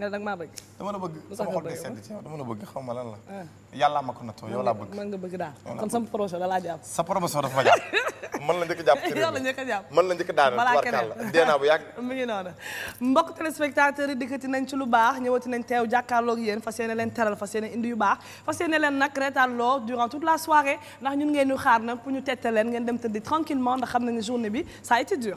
nga ne nag maa bëgg. dama la bëgg sama xol day sedd ci dama la bëgg xaw ma lan la. Ah. yàlla ma ko nattoo yow laa bëgg. man nga bëgg daal kon sama projet la jàpp. sa promotion dafa jàpp man la njëkk a jàpp. yow la njëkk a jàpp man la balaa keneen dee naa teral fas yéene indi yu baax fas yéene nag reetaanloo durant toute la soirée ndax ñun ngeen ñu xaar nag pour ñu ngeen dem tëddi tranquillement ndax xam nañu journée bi ça été dur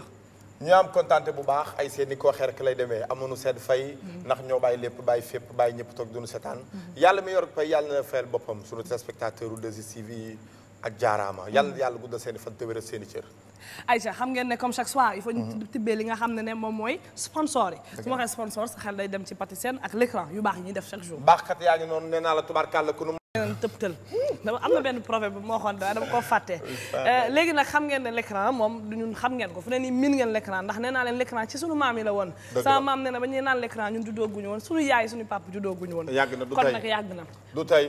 ñu am kontaante bu baax ay seen ni ko waxee rek lay demee amuñu sedd fay mm-hmm. ndax ñoo bàyyi lépp bàyyi fépp bàyyi ñëpp toog duñu setaan mm-hmm. yàlla mi yor pay yàlla na fayal boppam suñu téléspectateur u 2STV yi ak jaaraama yàlla mm-hmm. yàlla guddal seen i fan te wéral seen i xam ngeen ne comme chaque soir il faut ñu tibbee li nga xam ne ne moom mooy sponsor yi su ma waxee sponsor sa xel day dem ci Patisen ak l'écran yu baax yi def chaque jour baaxkat tëbtal dama am na benn proverbe bu ma waxoon dara dama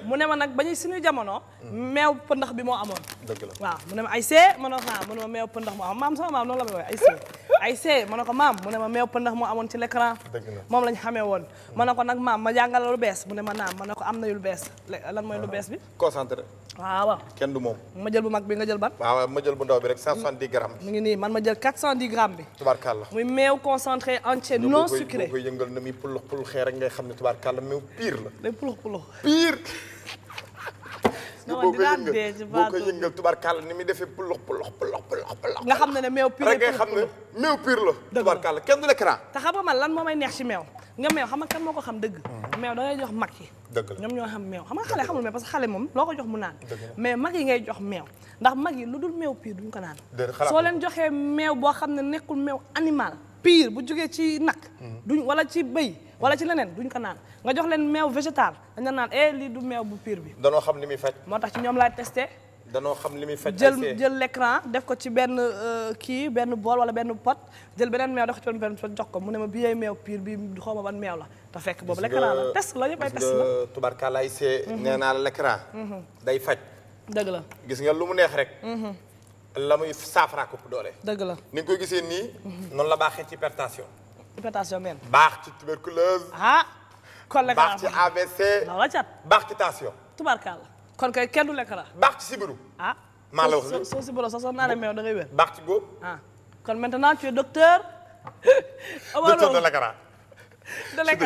mu ne ma nag ba ñuy suñu jamono meew pëndax bi moo amoon ah, maam sama maam noonu la ma wooye ay see ay see ma ne ko maam mu ne ma meew pëndax moo amoon ci l'écran moom lañ xamee woon ma ne ko nag maam ma jàngal lu bees mu ne ma naam ma ne ko am na yu bees lan mooy lu bees bi. concentré. waaw kenn du moom. ma jël bu mag bi nga jël ban. waaw ma jël bu ndaw bi rek 170 grammes. mi man ma jël 410 grammes bi. tubaarkàlla muy meew concentré entier non sucré. boo koy yëngal na muy pulux pulux xeer rek ngay xam ne tubaarkàlla meew pire la. day pulux pulux pire. non boo ko yëngal boo nga xam ne ne meew pur rek ngay xam ne meew pur la tubarkalla kenn du l'écran te xam nga man lan moo may neex ci meew nga meew xam nga ko xam dëgg mm. meew da ngay jox mag yi dëgg la ñoom ñoo xam meew xam nga xale xamul meew parce que xale moom loo jox mu naan mais mag ngay jox meew ndax mag yi lu dul meew pur duñ ko naan soo leen joxee meew boo xam ne nekkul meew animal pur bu jógee ci nag mm. duñ wala ci bëy wala ci leneen duñ ko naan nga jox leen meew végétal dañ naan eh lii du meew bu pire bi. danoo xam li muy faj. moo tax ci ñoom laay testé. danoo xam li muy faj. jël jël l'écran def ko ci benn euh, kii benn bool wala benn pot jël beneen meew def ko ci benn jox ko mu ne ma bii yay meew pire bi xaw ma ban meew la. te fekk boobu l'écran la test la ñëpp ay test la. tubarkalaay see. Mhm. nee la l'écran mhm. day faj. dëgg la gis nga lu mu neex rek. Mhm. la muy saafara ko doole. dëgg la ni nga koy gisee nii. kon lekk baax ci ABC. la cat baax ci tension. tubaarkàlla kon kay kenn du lekk la. baax ci sibiru. ah maa la wax soo soo sibiru sax soo meew da ngay wér. baax ci góob. kon maintenant tu es docteur. Amalou docteur de lekk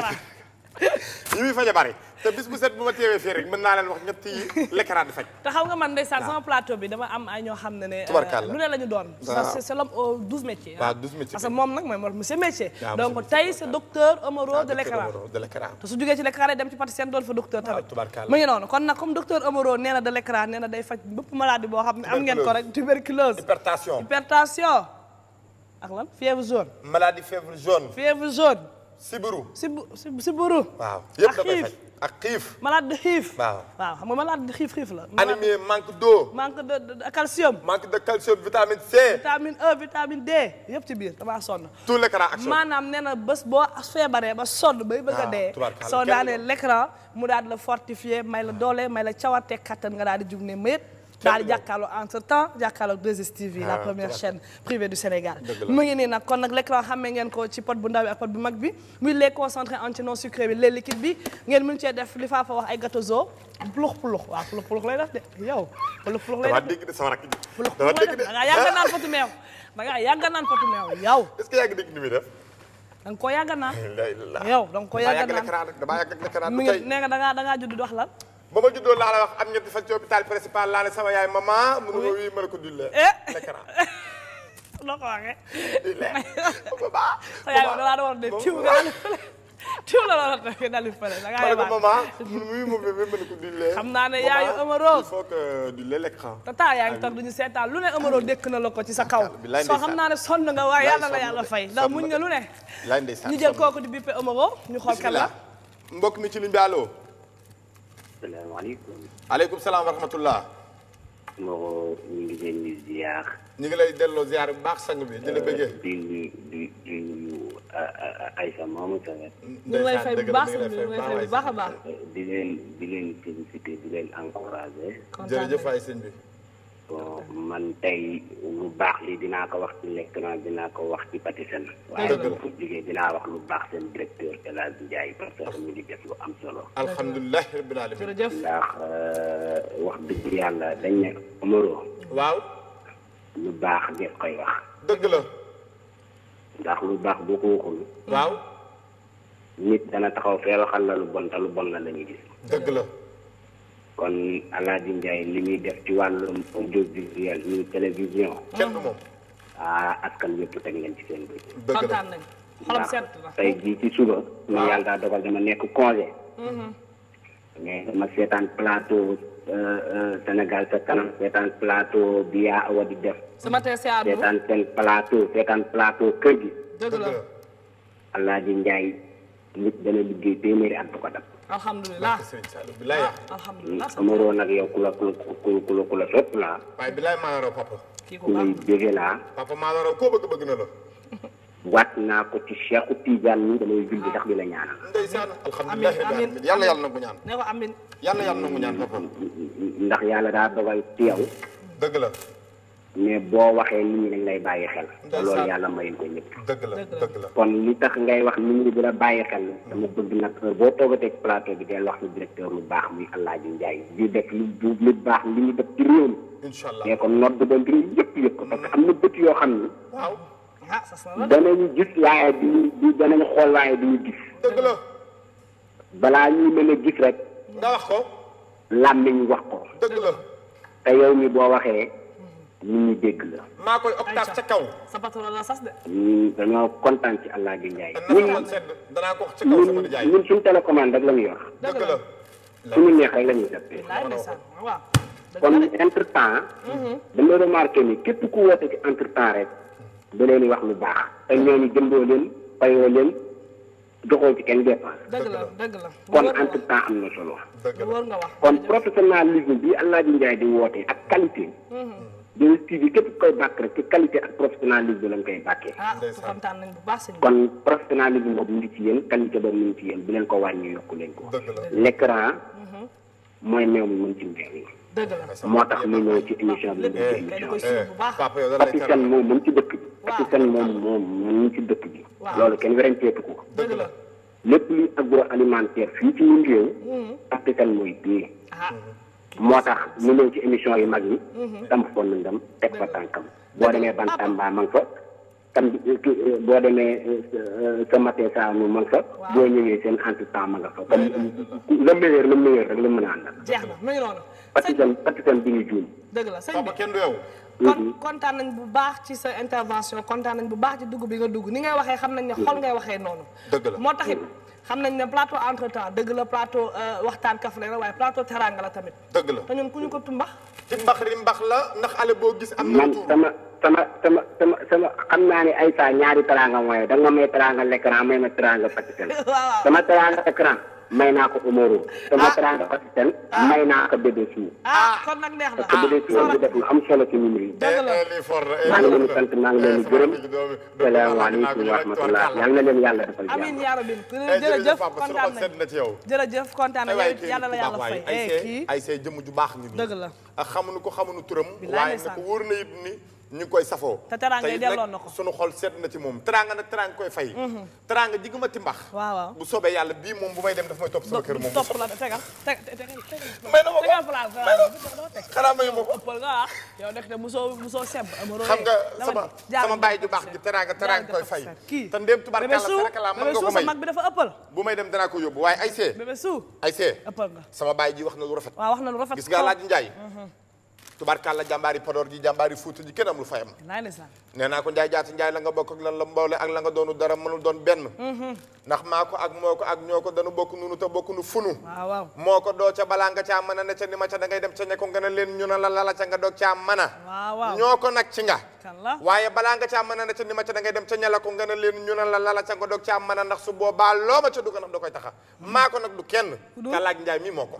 yi muy faj a bari te bis bu set ma teewee fii rek mën naa leen wax ñetti l'écran di faj te xam nga man ndeysaan sama plateau bi dama am ay ñoo xam ne ne euh, lu ne la doon c'est l'homme aux douze métiers waaw moom nag mooy monsieur métier donc tey c'est docteur ah, Omaro de l'écran te su jógee ci l'écran dem ci patiente doon fa docteur ah, tamit mu ngi noonu kon nag comme docteur Omaro nee de l'écran nee day faj bépp maladie boo xam ne am ngeen ko rek tuberculose sibiru sibiru waaw yëpp da koy ak xiif malade de xiif waaw waaw xam nga malade de xiif xiif la anémie manque d'eau manque de calcium manque de calcium vitamine C vitamine E vitamine D yëpp ci biir damaa sonn tout l'écran action maanaam nee na boo feebaree ba sonn bay bëgg ah, dee soo daanee l'écran mu daal di la fortifier may la doole may la cawarte kattan nga daal di jug ne mét daal di jàkkaarloo entre temps jàkkaarloo 2STV la ah, première chaîne privée du Sénégal mu ngi nii nag kon nag l'écran xammee ngeen ko ci pot bu ndaw bi ak pot bu mag bi muy les concentré anti non sucré bi les liquide bi ngeen mën cee def li faa wax ay gâteaux pulux pulux pulux pulux pulux lay def de sama pulux pulux lay def da ngaa naan potu meew da ngaa naan potu meew yow est-ce que yàgg dégg ni muy def da nga koo naan yow da nga koo naan mi ngi di wax lan ba ma juddoo laa la wax am ñetti fan ci hôpital principal laa la sama yaay maman. mu ma wii ma ne ko dul la. l'écran. noo ko waxee. da laa la lool rek dalu fële da ngaa yebaa mu ne ma ne ko dul la. xam naa ne yaayu Amaro. il faut que dul la l'écran. tata yaa ngi toog duñu seetaan lu ne Amaro dékk na la ko ci sa kaw. soo xam naa ne sonn nga waaye yàlla la yàlla fay. ndax muñ nga lu ne. ñu jël kooku di bippe Amaro ñu xool kan la. mbokk mi ci liñ bi salaamaaleykum. aleykum salaam wa rahmatullah. Moro ñu ngi lay delloo ziar bu baax sang bi di la euh, bëggee. di nuyu di di nuyu Aïssa Mamadou ngi lay fay bu baax ñu lay fay bu a baax. Euh, di leen di leen félicité di leen encouragé. bi. bon man tey lu baax li dinaa ko wax ci restaurant dinaa ko wax ci pâtisserie. waaye bu fu jógee dinaa wax lu baax seen directeur El Hadj Ndiaye parce que mu ngi def lu am solo. alhamdulilah rabbil alamin. jërëjëf ndax euh, wax dëgg yàlla dañ ne Omaro. waaw. lu baax ngeen koy wax. dëgg la. ndax lu baax boo ko waxul. waaw. nit dana taxaw fee waxal la lu bon te lu bon la la ñuy gis. dëgg la. kon Alaaji Ndiaye li muy def ci wàllum audiovisuel muy télévision. kenn moom. ah askan yëpp teg leen ci seen bëj. dëgg la xolam set la tey ci suba. ma ah. yàlla daa dogal dama nekk congé. Mm-hmm. mais dama seetaan plateau euh, euh, Sénégal sa kanam seetaan plateau bi yaa awa di def. sama tey seetaan seen plateau seetaan plateau kër gi. dëgg la Alaaji Ndiaye dana liggéey téeméeri at bu ko dab. alhamdulilah alhamdulilah amaro nag yow ku la ku la ku la waaye bilaay maa papa. kii ku lay papa maa koo bëgg bëgg na la. waat naa ko ci Cheikhu Tidiane nii damay julli sax di la ñaanal. ndeysaan alhamdulilah yàlla na ko ñaan. ne yàlla yàlla ko ñaan ndax yàlla daa ci yow. dëgg la. mais boo waxee nit ñi dañ lay bàyyi xel. te loolu yàlla mayu ko ñëpp. dëgg la kon li tax ngay wax nit ñi bu bàyyi xel. Mm. dama bëgg nag euh, boo toogatee plateau bi del wax ni directeur lu baax muy El Hadj Ndiaye di def lu lu baax li ñu def ci réew mi. incha allah mais kon nodd doon réew yëpp yëpp ko parce que am na bët yoo xam ni. waaw ah danañu gis laa duñu danañu xool waaye duñu gis. dëgg la. balaa ñuy mën a gis rek. nga wax ko. wax ko. dëgg la te yow mi boo waxee. nit ñi dégg la. maa koy octave ca sa patron la sas de. ñun hmm, dañoo kontaan ci Alaaji Njaay. ñun danaa ko wax ca kaw sama nijaay. suñu télécommande la ñu yor. dëgg la suñu neex rek la ñuy jàppee. kon entre temps. Mm-hmm. dama remarqué ni képp ku woote ci entre temps rek. ba leen wax lu baax. te ñooñu jëndoo leen fayoo leen joxoo ci kenn dépense. dëgg la dëgg la kon entre temps am na solo. kon professionnalisme bi Alaaji Njaay di woote ak qualité. Mm-hmm. Dóor TV képp koy bàkk rek ci qualité ak professionnalisme lañ koy bàkkee. ah kontaan nañ bu kon professionnalisme boobu mu ngi ci yéen qualité boobu mu ngi ci yéen bu leen ko wàññi yokk leen ko. l'écran mhm. mooy meew mi mën ci mbéy mi. moo tax mu ñëw ci émission bi mu ci émission bi. papa yow lan lay moom mën ci dëkk bi. waaw Fatick moom moom mën ci dëkk bi. loolu kenn werenteetu ko. dëgg la lépp luy agroalimentaire fii ci ñun réew. Fatick mooy téye. Ah. moo tax mu ñëw ci émission yi mag yi. samp fa ndam teg fa tànkam. Mhm. boo demee Bantamba euh, ma nga fa. tam boo demee sa matin saa mu ma nga fa. boo ñëwee seen entre-temps ma nga fa. comme le meilleur le meilleur rek la mën a àndal. jeex na mu ngi noonu. partisan partisan bi ñu juum. dëgg la sëñ bi kenn du yow. kon mhm. kontaan nañ bu baax ci sa intervention kontaan nañ bu baax ci dugg bi nga dugg ni ngay waxee xam nañ ne mhm. xol ngay waxee noonu. dëgg la moo taxit. xam nañ ne plateau entre temps dëgg la plateau euh, waxtaan kaf la waaye plateau teranga la tamit. dëgg la te ñun ku ñu ko tumbax. ci mbax li mbax la ndax ale boo gis. am na man sama sama sama sama sama xam naa ni ay saa ñaari teranga mooy da nga may teranga l'écran may ma teranga pâtisserie. waaw sama teranga écran may naa ko Umaru. ah sama teraanga Pakistan ah. may naa ko BBC. ah kon nag neex na parce que BBC moom du def lu am solo ci ñun yi. dëgg la maa ngi leen di sant maa ngi leen di gërëm. salaamaaleykum wa rahmatulah yal na leen yàlla defal jàmm. amiin yaa rabbi eh, jërëjëf kontaan eh, nañu jërëjëf kontaan nañu yàlla la yàlla fay. ay see ay see jëmm ju baax ñu nii. dëgg la ah, xamuñu ko xamuñu turam. waaye na ko wóor na it ni ñu ngi koy safoo te teraanga yi delloon na ko sunu xol sedd na ci moom teraanga nag teraanga koy fay mhm. teraanga jiguma ti mbax waaw waaw bu soobee yàlla bii moom bu may dem daf may topp sama kër moom topp la tegal may na ma ko ah, xanaa mayu ma ko ëppal nga wax ah. yow nekk de musoo musoo seb xam nga sama sama bàyyi ju baax ji teraanga teraanga koy fay te ndéem tubarkàlla teraanga laa mën nga ko may mag bi dafa ëppal bu may dem danaa ko waaye ay see bébé suu ay sama bàyyi ji wax na lu rafet waaw wax na lu rafet gis nga laaj njaay mhm. tubaarkàlla jàmbaari Podor ji jàmbaari Fuuta ji kenn amul fayam nee naa ko Njaay jaata Njaay la nga bokk la mboole ak la nga doonu dara mënul doon benn mhm. ndax maa ko ak moo ko ak ñoo ko danu bokk nunu te bokk nu funu moo ko doo ca balaa nga caa mën a ne ca ni ma ca da ngay dem ca ñekko nga ne leen ñu na la lala ca nga doog caa mën a ñoo ko nag ci nga waaye balaa nga caa mën a ca ni ma ca dem ca ñela ko nga ne leen ñu na la lala ca nga doog caa mën a ndax su boobaa loo ma ca du ko nag da koy taxa mm. maa ko nag du kenn ka laaj Njaay mi moo ko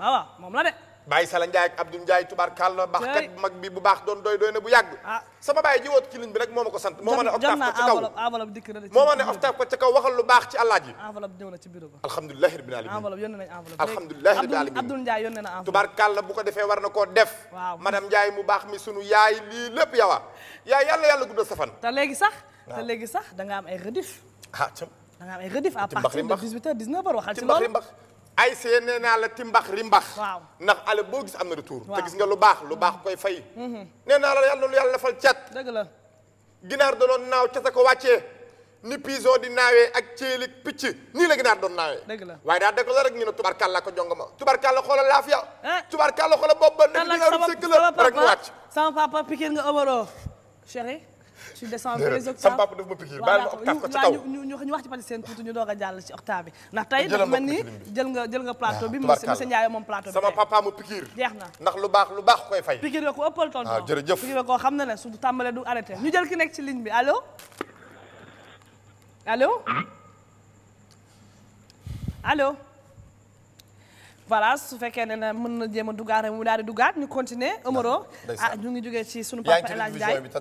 Baye Sala Ndiaye ak Abdou Ndiaye tubaarkàlla baaxkat bu mag bi bu baax doon doy doy na bu yàgg ah. sama baay ji woot ci ligne bi moo ma ko sant moo ma ne oftaaf ko ca kaw na moo ma ne oftaaf ko waxal lu baax ci àllaaj ji enveloppe ñëw na ci bureau ba alhamdulilahi rabbil alamin enveloppe yónnee nañ enveloppe alhamdulilahi ko def waaw madame mu baax mi sunu yaay lii lépp yawa ah. yaay yàlla yàlla guddal sa fan te léegi sax te léegi sax da am ay rediff ah da nga am ay rediff à ay see nee naa la ti mbax ri mbax ndax ale boo gis am na tuur te gis nga lu baax lu baax koy fay mm-hmm. nee naa la yàlla lu yàlla defal cat dëgg ginaar da naaw ca sa ko wàccee ni pigeon di naawee ak céelik picc nii la ginaar doon naawee dëgg la waaye daa dëgg la rek ñu ne tubarkàlla ko jonga ma tubarkàlla xoola laafiya eh? tubarkàlla xoola bopp ba nekk ginaaru sëkk la rek mu wàcc sama papa pikir nga ëmaro chéri tu descends vers les octaves sama papa daf ma piqué a jàll ci octave bi ndax tey dafa mel ni jël nga ah, moom plateau bi sama jeex na ndax lu baax lu baax koy fay piqué nga ko ëppal tonton waaw ah, jërëjëf piqué nga ko xam na ne su tàmbalee du arrêté ñu jël ki nekk ci ligne bi allo allo hmm? allo voilà su fekkee ne na mën na jéem a dugaat mu daal di dugaat ñu continuer Omaro ah ñu ngi jógee ci sunu papa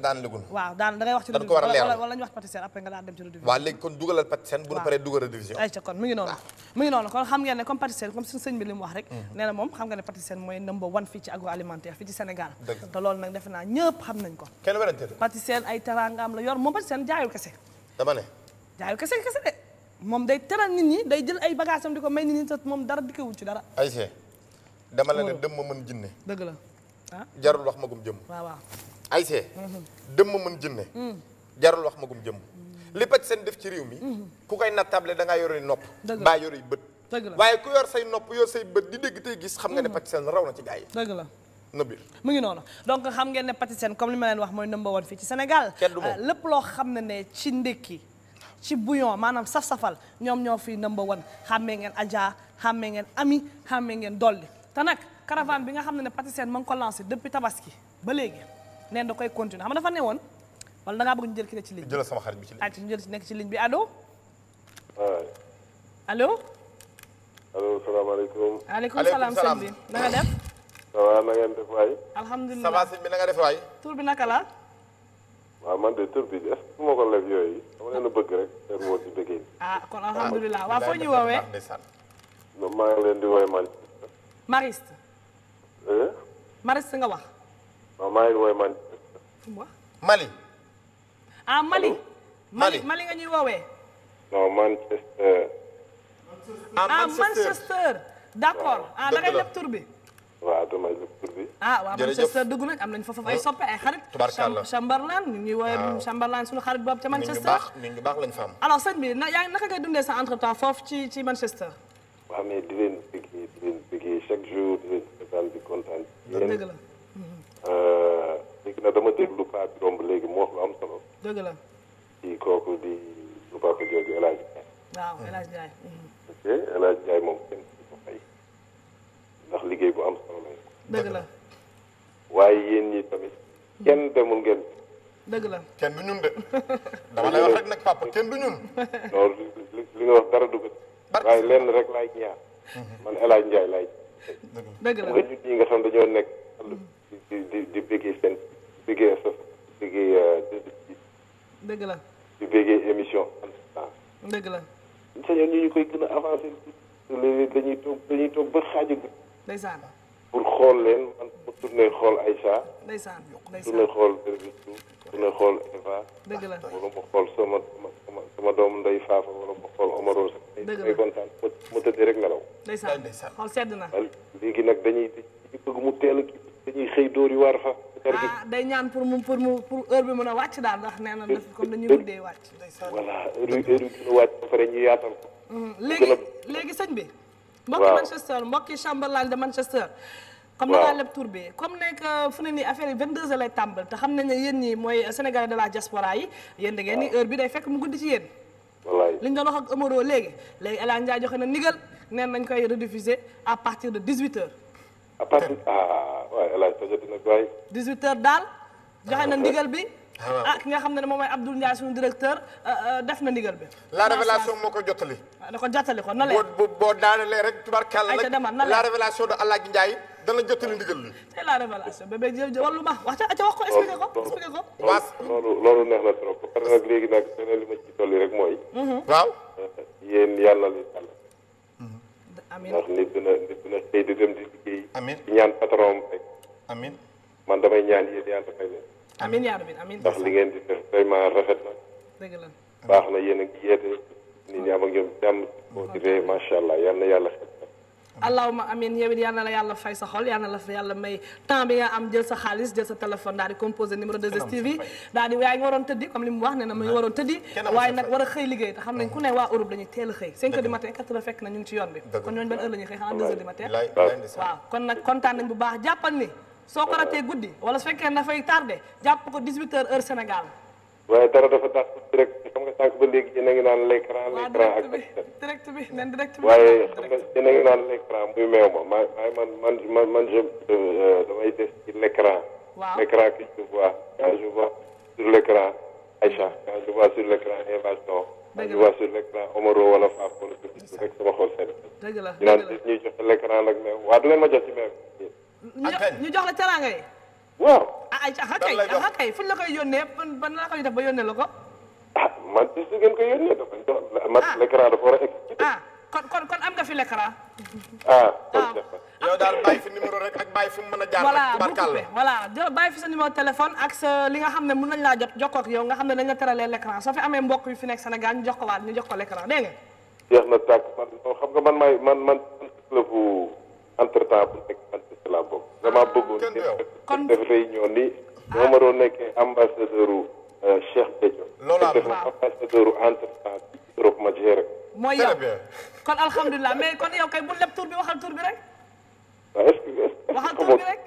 daan lugul daan da daan léegi dugalal pâtissière bu ngi noonu kon xam ngeen comme pâtissière comme suñu sëñ bi li mu wax rek mhm. nee moom xam nga ne mooy number one fii ci agroalimentaire fii ci Sénégal te loolu nag defe naa ñëpp xam nañ ko kenn werante pâtissière ay teraangaam la yor moom pâtissière jaayul kese dama moom day teral nit ñi day jël ay bagages di ko may nit ñi sax moom dara dikkewul ci dara. ayisee dama la ne dëmm ma mën jinne dëgg la ah jarul wax magum jëmm. waaw waaw ayisee. Mhm. dëmm ma mën jinne mm. jarul wax magum jëmm. li pàcc seen def ci réew mi. Mhm. ku koy nattable da ngaa yore nopp. baa la yore bët. dëgg la waaye ku yor say nopp yor say bët di dégg tey gis. xam nga ne mhm. pàcc seen raw na ci gars yi. dëgg la. Nabil mu ngi noonu donc xam ngeen ne seen comme li ma leen wax mooy number one fii ci Sénégal. Euh, lépp loo xam ne ne ci ndékki ci bouillon maanaam saf-safal ñoom ñoo fi number one xàmmee ngeen Adja xàmmee ngeen Ami xàmmee ngeen dolli te nag caravane bi nga xam ne pâtissière ma ngi ko lancé depuis tabaski ba léegi neen da koy continuer xam nga dafa ne woon wala da a bëgg ñu jël ki ne ci ligne bi jëlal sama xarit bi ci ligne bi ñu jël ci nekk ci ligne bi allo. allo. allo salaamaaleykum. aleykum salaam sëñ bi na nga def. ça va na ngeen def waay. alhamdulilah ça va la. waaw man de tur bi est ce que moo bëgg rek seen moo ci bëggee. ah kon ah, alhamdulilah waaw foo ñu woowee. non maa leen di woy Manchester. Mariste. Eh? Mariste nga wax. non maa ngi woowee Manchester. Ah, Mali. Mali. Mali nga ñuy woowee. non Manchester. ah, ah Manchester. d' ah da leb tur waaw damay jóg tur bi. ah waaw Manchester dugg nañ am nañ foofu ay soppe ay xarit. tubarkalla Chamberlain ñu ngi woowee Chamberlain suñu xarit boobu ca Manchester. nit ñu baax lañ fa am. alors sëñ bi na yaa naka ngay dundee sa entretemps foofu ci ci Manchester. waaw mais di leen bëggee di leen bëggee chaque jour di leen seetaan di kontaan. dëgg la euh, léegi nag dama déglu paa bi romb léegi mu wax lu am solo. dëgg la. di kooku di lu papa jooju El Hadj Ndiaye. waaw El Hadj Ndiaye. Mhm. ok El moom ndax liggéey bu am solo la. waaye yéen ñi tamit kenn demul ngeen. dëgg la kenn du ñun de dama lay wax rek nag papa kenn du ñun. non li nga wax dara du ko. waaye lenn rek laay ñaar. man El Hadj Ndiaye laay. dëgg la dëgg la nga xam dañoo nekk. di di di bëggee seen bëggee sa euh, dëgg la di émission en dëgg la. ñu ñu koy gën a avancé dañuy toog dañuy toog ba xaaju ndeysaan pour xool leen man ma tourné xool ay saa ndeysaan tourné xool Berbitou tourné xool Eva. dëgg la wala ma xool sama sama sama doomu ndey Faafa wala ma xool Omaro. dëgg la may kontaan ma ma tëddee rek nelaw. xool sedd na. léegi nag dañuy bëgg mu teel dañuy xëy dóor yi waar fa. ah day ñaan pour mu pour pour heure bi mën a wàcc daal ndax nee na def comme dañuy guddee wàcc. ndeysaan heure heure bi mën a wàcc ba pare ñu yaatal ko. Mhm. léegi léegi sëñ bi. mbokki Manchester mbokki Chamberlain de Manchester comme laa leb tour bi comme nekk fu ne nii affaire yi 22 heures lay tàmbal te xam nañ ne yéen ñi mooy sénégalais de la diaspora yi yéen da ngeen ni heure bi day fekk mu guddi ci yéen wallaay li ñu doon wax ak Omaro léegi léegi El Hadj joxe na ndigal neen nañ koy rediffuser à partir de 18 heures à partir ah waaye ah, ah, El Hadj daal joxe na ah, ndigal bi ah ki nga xam ne moom mooy Abdoul Ndiaye suñu directeur euh, euh, def na ndigal bi. la révélation moo ko jottali. Ah, da ko jottali kon na leen boo boo daanelee rek tubarkàlla rek la révélation de El Hadj Ndiaye dana jottali ndigal li. tey la révélation bébé jërëjëf wàllu baax wax ca wax ko expliqué ko expliqué ko. loolu loolu neex na trop parce nag léegi nag beneen li ma ci dolli rek mooy. Mhm. waaw. Euh, yéen yàlla leen yàlla. Mhm. amiin ndax nit dina nit dem di liggéey. amiin ñaan patron am rek. amiin man damay ñaan yéen yàlla fay amiin yaa rabbi amiin ndax la baax na yéen a ngi yeete nit ñi am ak ñoom jàmm. allah yal na yàlla la yàlla fay sa xol yal na la yàlla may temps bi nga am jël sa xaalis jël sa téléphone daal di composé numéro 2STV daal di waroon tëddi comme li wax ne na mu ngi waroon tëddi waaye nag war a xëy liggéey te xam nañ ku ne waa Europe dañuy teel a xëy 5 heures du matin fekk na ñu ci yoon bi kon ñooñu ban heure la ñuy xëy kon nag kontaan bu baax jàppal ni soo ko ratee guddi wala su fekkee dafay tardé jàpp ko 18 heures heure Sénégal. waaye dara dafa tax direct xam nga sànq ba léegi yéen a ngi naan l'écran l'écran ak direct bi nen direct bi waaye xam nga yéen a ngi naan l'écran muy meew ma ma maay man man man man je euh, damay des ci l'écran waaw l'écran que je vois quand je vois sur l'écran Aïcha quand je vois sur l'écran Eva Sow quand je vois sur l'écran Omaro wala Fapal rek sama xol seen dëgg la ñu naan ñuy joxe l'écran nag meew waa du leen ma jox ci meew ñu jox la teraanga yi. waaw. ah ay kay ah kay fuñ la koy yónnee ban la koy def ba yónnee la ko. ah man si koy yónnee a excité. am nga fi l'écran. ah yow daal bàyyi fi numéro rek ak bàyyi fi mu a jaar. voilà bu fi sa numéro téléphone ak sa li nga xam ne mën nañ laa jot jokkoo yow nga xam ne dañ la teralee l'écran soo fi amee mbokk yu fi nekk Sénégal ñu jox ko waat ñu jox ko l'écran dégg nga. jeex na tàkk man xam nga man maay man man. entre temps bu nekk man ci laa bokk dama ah, bëggoon ñëpp def réunion ni moo ah. ma doon nekkee ambassadeur u euh, Cheikh de def ambassadeur u entre temps ci Europe ma géré mooy yow kon alhamdulilah mais kon yow kay bu lépp tur bi waxal tur bi rek waaw est-ce que est-ce que waxal tur bi rek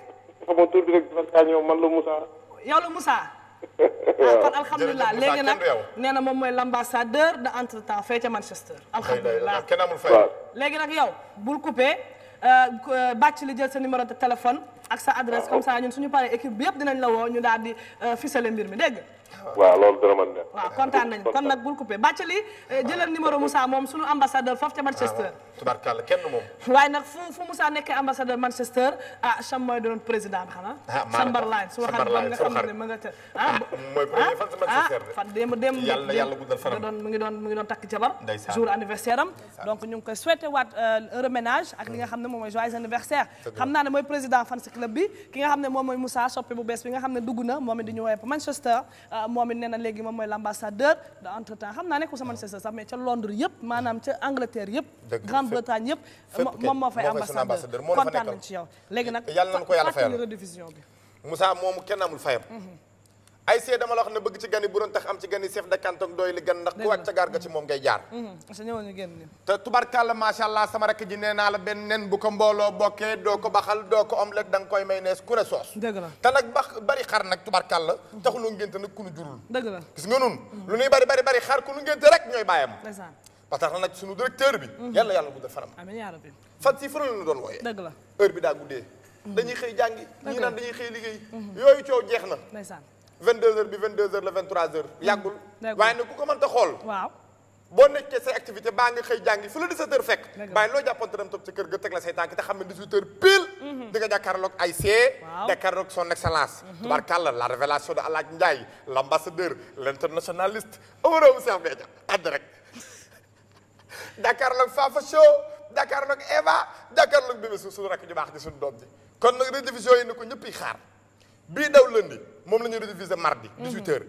xamoo tur bi rek dafa kaa ah, kon alhamdulilah léegi nag nee na moom mooy l'ambassadeur de entre temps fee ca Manchester alhamdulilah kenn amul fay bul coupé Euh, bàcc li jël sa numéro de téléphone ak sa adresse comme ça ñun suñu paree équipe bi yëpp dinañ la woo ñu daal di euh, ficeler mbir mi dégg waa loolu dara mën na. waaw kontaan nañ kon nag bul coupé Bathily eh, jëlal numéro Moussa moom sunu ambassadeur foofu ca Manchester. Ah, tubarkàlla kenn moom. waaye nag fu Manchester ah Cham mooy doon président su waxee ba nga xam ne ma nga ca. ah, ah mooy premier ah, fan Manchester de. mu ngi doon mu ngi doon takk jabar. jour anniversaire am. donc ñu ngi koy souhaité waat euh, reménage ak li nga xam ne moom mooy joyeux anniversaire. xam naa ne mooy président fan club bi ki nga xam ne moom mooy Moussa soppe bu bees bi nga xam ne dugg na moom di ñu moom it nee na moom mooy l' ambassadeur de entre temps xam naa ne ku sama sa sax mais ca Londres yëpp maanaam ca Angleterre yëpp Grande-Bretagne yëpp moom moo fay ambassadeur kontaan nañ ci yow nag ko yàlla fayal rediffusion bi moom kenn amul fayam mhm. ay see dama loo wax ne bëgg ci gan yi bu doon tax am ci gan yi chef de li gan ndax ku wàcc gaar ga ci moom ngay jaar mhm. te tubarkàlla macha allah sama rakk ji nee naa la benn nen bu ko mbooloo bokkee doo ko baxal doo ko omelette da nga koy mayonnaise ku ne soos te nag bax bari xar nag tubarkàlla taxuloo ngénte nag ku nu jurul dëgg la gis nga nun lu nuy bari bari bari xar ku nu ngénte rek ñooy bàyyam parce que bi mhm. yàlla yàlla guddal fanam amiin yaa la heure bi mhm. xëy jàngi ñii naan dañuy xëy liggéey yooyu coow 22h bi 22h la 23h. Mm. yàggul waaye nag ku ko mënta xool. boo nekkee say activité baa ngi xëy jàngi fu la 17h fekk. dëgg la bàyyi loo jàppoon dana toog sa kër ga teg la say tànk te xam ne 18h pile. Mm-hmm. di nga ay see. waaw jàkkaarloog son excellence. Mm-hmm. tubarkàlla la révélation de El Hadj Ndiaye l' ambassadeur l' internationaliste heureux monsieur Afeja ànd rek. jàkkaarloog Fafa Show jàkkaarloog Eva jàkkaarloog bébé suuf suñu rakk ju baax di suñu doom ji kon nag rediffusion yi ko ñëpp xaar. bii daw lundi la ñuy rediffusé mardi 18h.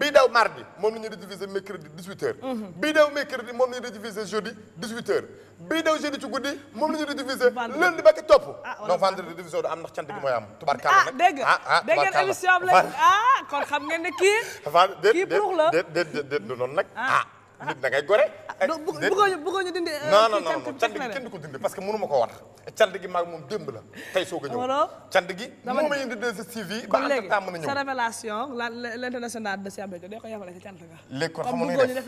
bii daw mardi moom la ñuy rediffusé mercredi 18h. bii daw mercredi moom la ñuy rediffusé jeudi 18h. bii daw jeudi ci guddi moom la ñuy rediffusé lundi ba ki topp. ah vendredi diffusion du am ndax cant gi mooy am. tubarkalla ah dégg ngeen émission am la kon xam ngeen ne kii. nit da gore. Ah, bëggoo bëggoo ñu dindi. Euh, non non non cant gi kenn du ko dindi parce que mënu ma ko war. cant gi maag moom démb la tey soog a ñëw. cant gi moo ma indi ko yemale ci cant ñu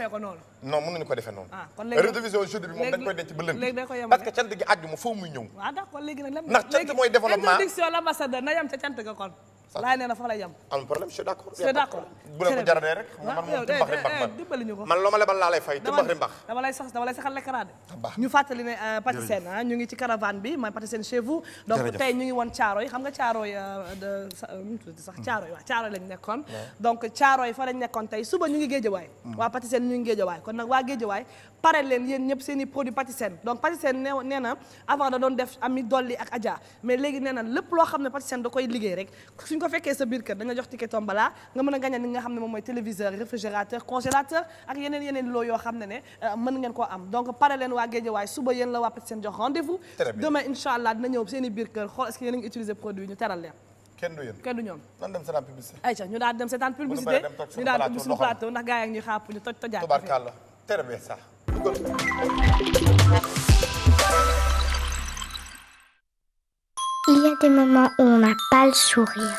ko noonu. noonu. Ah, kon léegi révision ko yemale parce que cant gi àjjuma foo muy ñëw. waaw d'accord léegi nag ndax cant mooy développement interdiction na yem ca cant ga kon Ah. laay nee na fa lay yem. amul problème je suis d'accord. c'est d'accord bu la ko jaralee rek. man moom dimbax eh, eh, rimbax man dimbali ma lebal laa lay fay dimbax rimbax. dama lay sax dama lay saxal lekkaraan ah, ñu fàttali ne euh, Patty ah, ñu ngi ci caravane bi mooy Patty Sène donc tey ñu ngi woon Thiaroye xam nga Thiaroye euh, euh, sax Thiaroye lañ nekkoon. donc Thiaroye fa lañ nekkoon tey suba ñu ngi waay mm. waa Patty Sène ñu ngi Géejawaay kon nag waa Géejawaay pare leen yéen ñëpp seen i produit Patty Sène donc Patty Sène nee na avant da doon def ami dolli ak Adja mais nee na lépp loo xam ne Patty Sène da koy liggéey rek nga fekkee sa biir kër dañ la jox ticket tombala nga mën a gagné li nga xam ne moom mooy téléviseur réfrigérateur congélateur ak yeneen yeneen loo yoo xam ne ne euh, mën ngeen koo am donc pare leen waa Géejawaay suba yéen la waa Petit jox rendez-vous demain incha allah dina ñëw seen i biir kër xool est-ce que yéen a utiliser produit ñu teral leen kenn du ñoom nan dem seetaan publicité ñu daal dem seetaan publicité ñu daal dugg suñu plateau ndax gaa Il y a des moments où on n'a pas le sourire.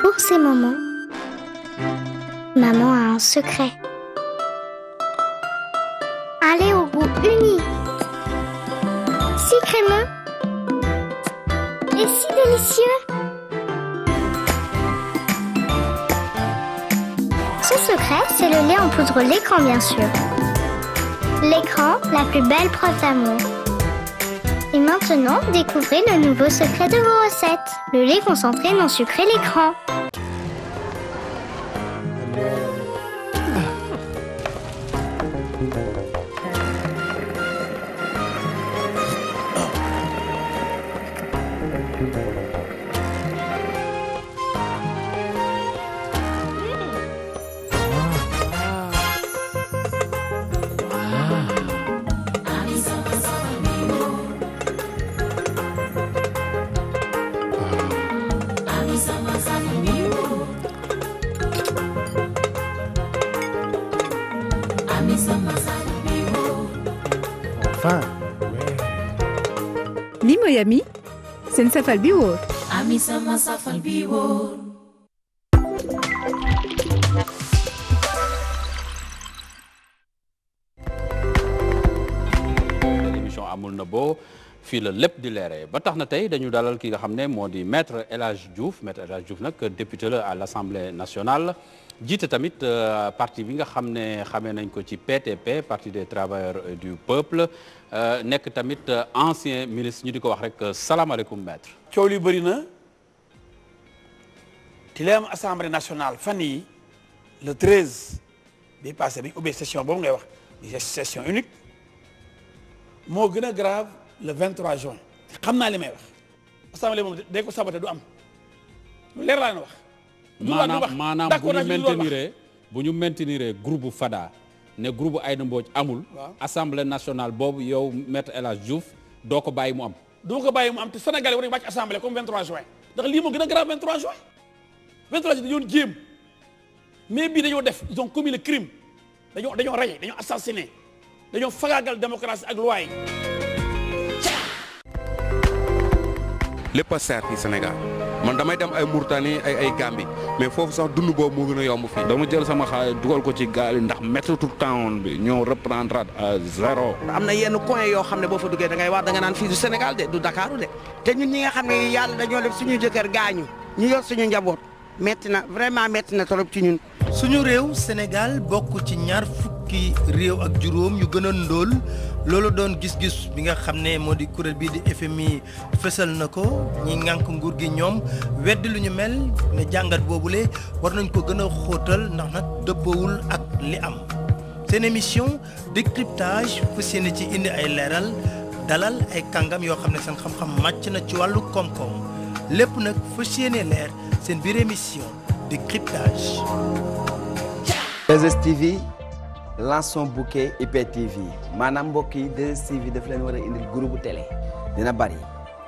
Pour ces moments, maman a un secret. Allez au bout unique, si crémeux et si délicieux. Ce secret, c'est le lait en l'écran, bien sûr. L'écran, la plus belle preuve d'amour. Et maintenant, découvrez le nouveau secret de vos recettes, le lait concentré non sucré l'écran. Ah. ami seen safal bi wóor ami sama safal bi wóor émission amul na boo fii la lépp di leeree ba tax na tey dañu dalal ki nga xam ne moo di maître El Hadj Diouf maître El Hadj Diouf nag député la à l'Assemblée nationale jiite tamit euh, parti bi nga xam ne xamee nañ ko ci PTP parti des travailleurs du peuple euh, nekk tamit euh, ancien ministre ñu di ko wax rek salaamaaleykum maître. coow li bëri na ci li am assemblée nationale fan yi le 13 bi passé bi ubbee session boobu ngay wax di session unique moo gën a grave le 23 juin xam naa li may wax assemblée de day ko saboté du am lu leer laa wax. maanaam maanaam bu ñu maintenir bu ñu maintenir groupe Fada ne groupe Aïda Mbodj amul. assemblée nationale boobu yow metre e la Diouf doo ko bàyyi mu am. doo ko bàyyi mu am te Sénégal yi war nañu wàcc assemblée comme 23 juin ndax lii moo gën a grave 23 juin 23 juin dañoo jéem mais bii dañoo def ils commune commis le crime dañoo dañoo rey dañoo assassiné dañoo fagaagal démocratie ak loi lépp a seer fii Sénégal man damay dem ay Mauritanie ay ay Gambie mais foofu sax dund boobu moo gën a yomb fii. dama jël sama xaalis dugal ko ci gaal yi ndax métti tout temps bi ñoo reprendre à zéro. am na yenn coin yoo xam ne boo fa duggee dangay ngay wax da naan fii du Sénégal de du Dakaaru de te ñun ñi nga xam ne yàlla dañoo def suñu jëkkër gaañu ñu yor suñu njaboot métti na vraiment métti na trop ci ñun. suñu réew Sénégal bokk ci ñaar fukki réew ak juróom yu gën a ndóol loolu doon gis-gis bi nga xam ne moo di kuréel bii di FMI fësal na ko ñi ŋànk nguur gi ñoom weddi lu ñu mel ne jàngat boobule war nañ ko gën a xóotal ndax nag dëppoowul ak li am seen émission décryptage fas yéene ci indi ay leeral dalal ay kàngam yoo xam ne seen xam-xam màcc na ci wàllu koom-koom lépp nag fas yéene leer seen biir émission décryptage 2 lance son bouquet IPTV maanaam mbokk yi 2STV daf leen war a indil groupe télé dina bari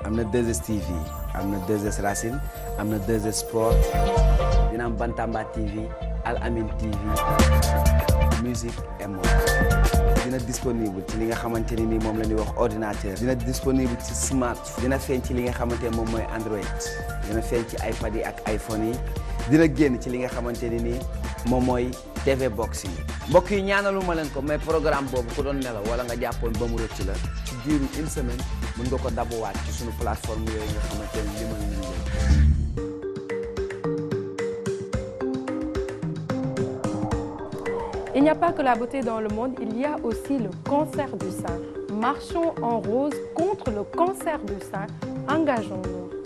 am na 2STV am na 2S Racine am na 2S Sport dina am Bantamba TV Al Amin TV musique et mode dina disponible ci li nga xamante ni nii moom la ñuy wax ordinateur dina disponible ci smartphone dina feeñ ci li nga xamante ne moom mooy Android dina feeñ ci iPad yi ak iPhone yi dina génn ci li nga xamante ni nii moom mooy TV box yi mbokk yi ñaanalu ma leen ko mais programme boobu ku doon nelaw wala nga jàppoon ba mu la ci diiru une semaine mën nga ko dabuwaat ci suñu plateforme yooyu nga xamante ni limal nañ leen Il n'y a pas que la beauté dans le monde, il y aussi le cancer du sein. Marchons en rose contre le cancer du sein. Engageons-nous.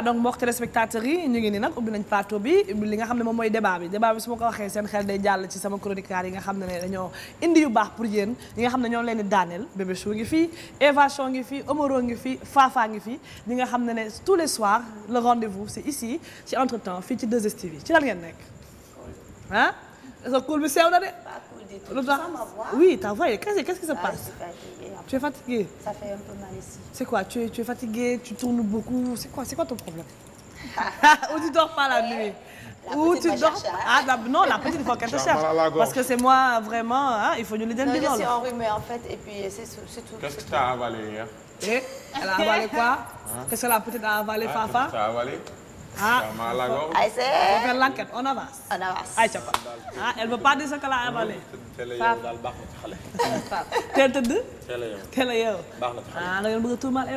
Ah, donc mbokk téléspectateurs yi ñu ngi ni nag ubbi nañ plateau bi li nga xam ne moom mooy débat bi débat bi su ma ko waxee seen xel day jàll ci sama chroniqueur yi nga xam ne ne dañoo indi yu baax pour yéen ñi nga xam ne ñoo leen daaneel bébé chou ngi fii Eva ngi fii Omoro ngi fii Fafa ngi fii ñi nga xam ne ne tous les soirs le rendez-vous c'est ci entre temps fii ci 2STV ci lan ngeen nekk ah sa cool bi sew na de des trucs sans ma voix. Oui, ta voix, qu'est-ce qu qui se passe Tu es fatiguée Ça fait un peu mal ici. C'est ah. Ou tu dors Ou tu dors ah, Non, la petite, il faut qu'elle te cherche. Parce que c'est moi, vraiment, hein, il faut nous le donner dedans. Je suis enrhumée, en a avalé quoi hein? Qu'est-ce qu'elle a peut ah, Fafa ah ay see on fait avance. on avance ay ca ah elle la avalé. teel a yeewu daal baax na ci xale. teel tëdd. teel a yeewu teel a baax na ci xale ah, a tuumaal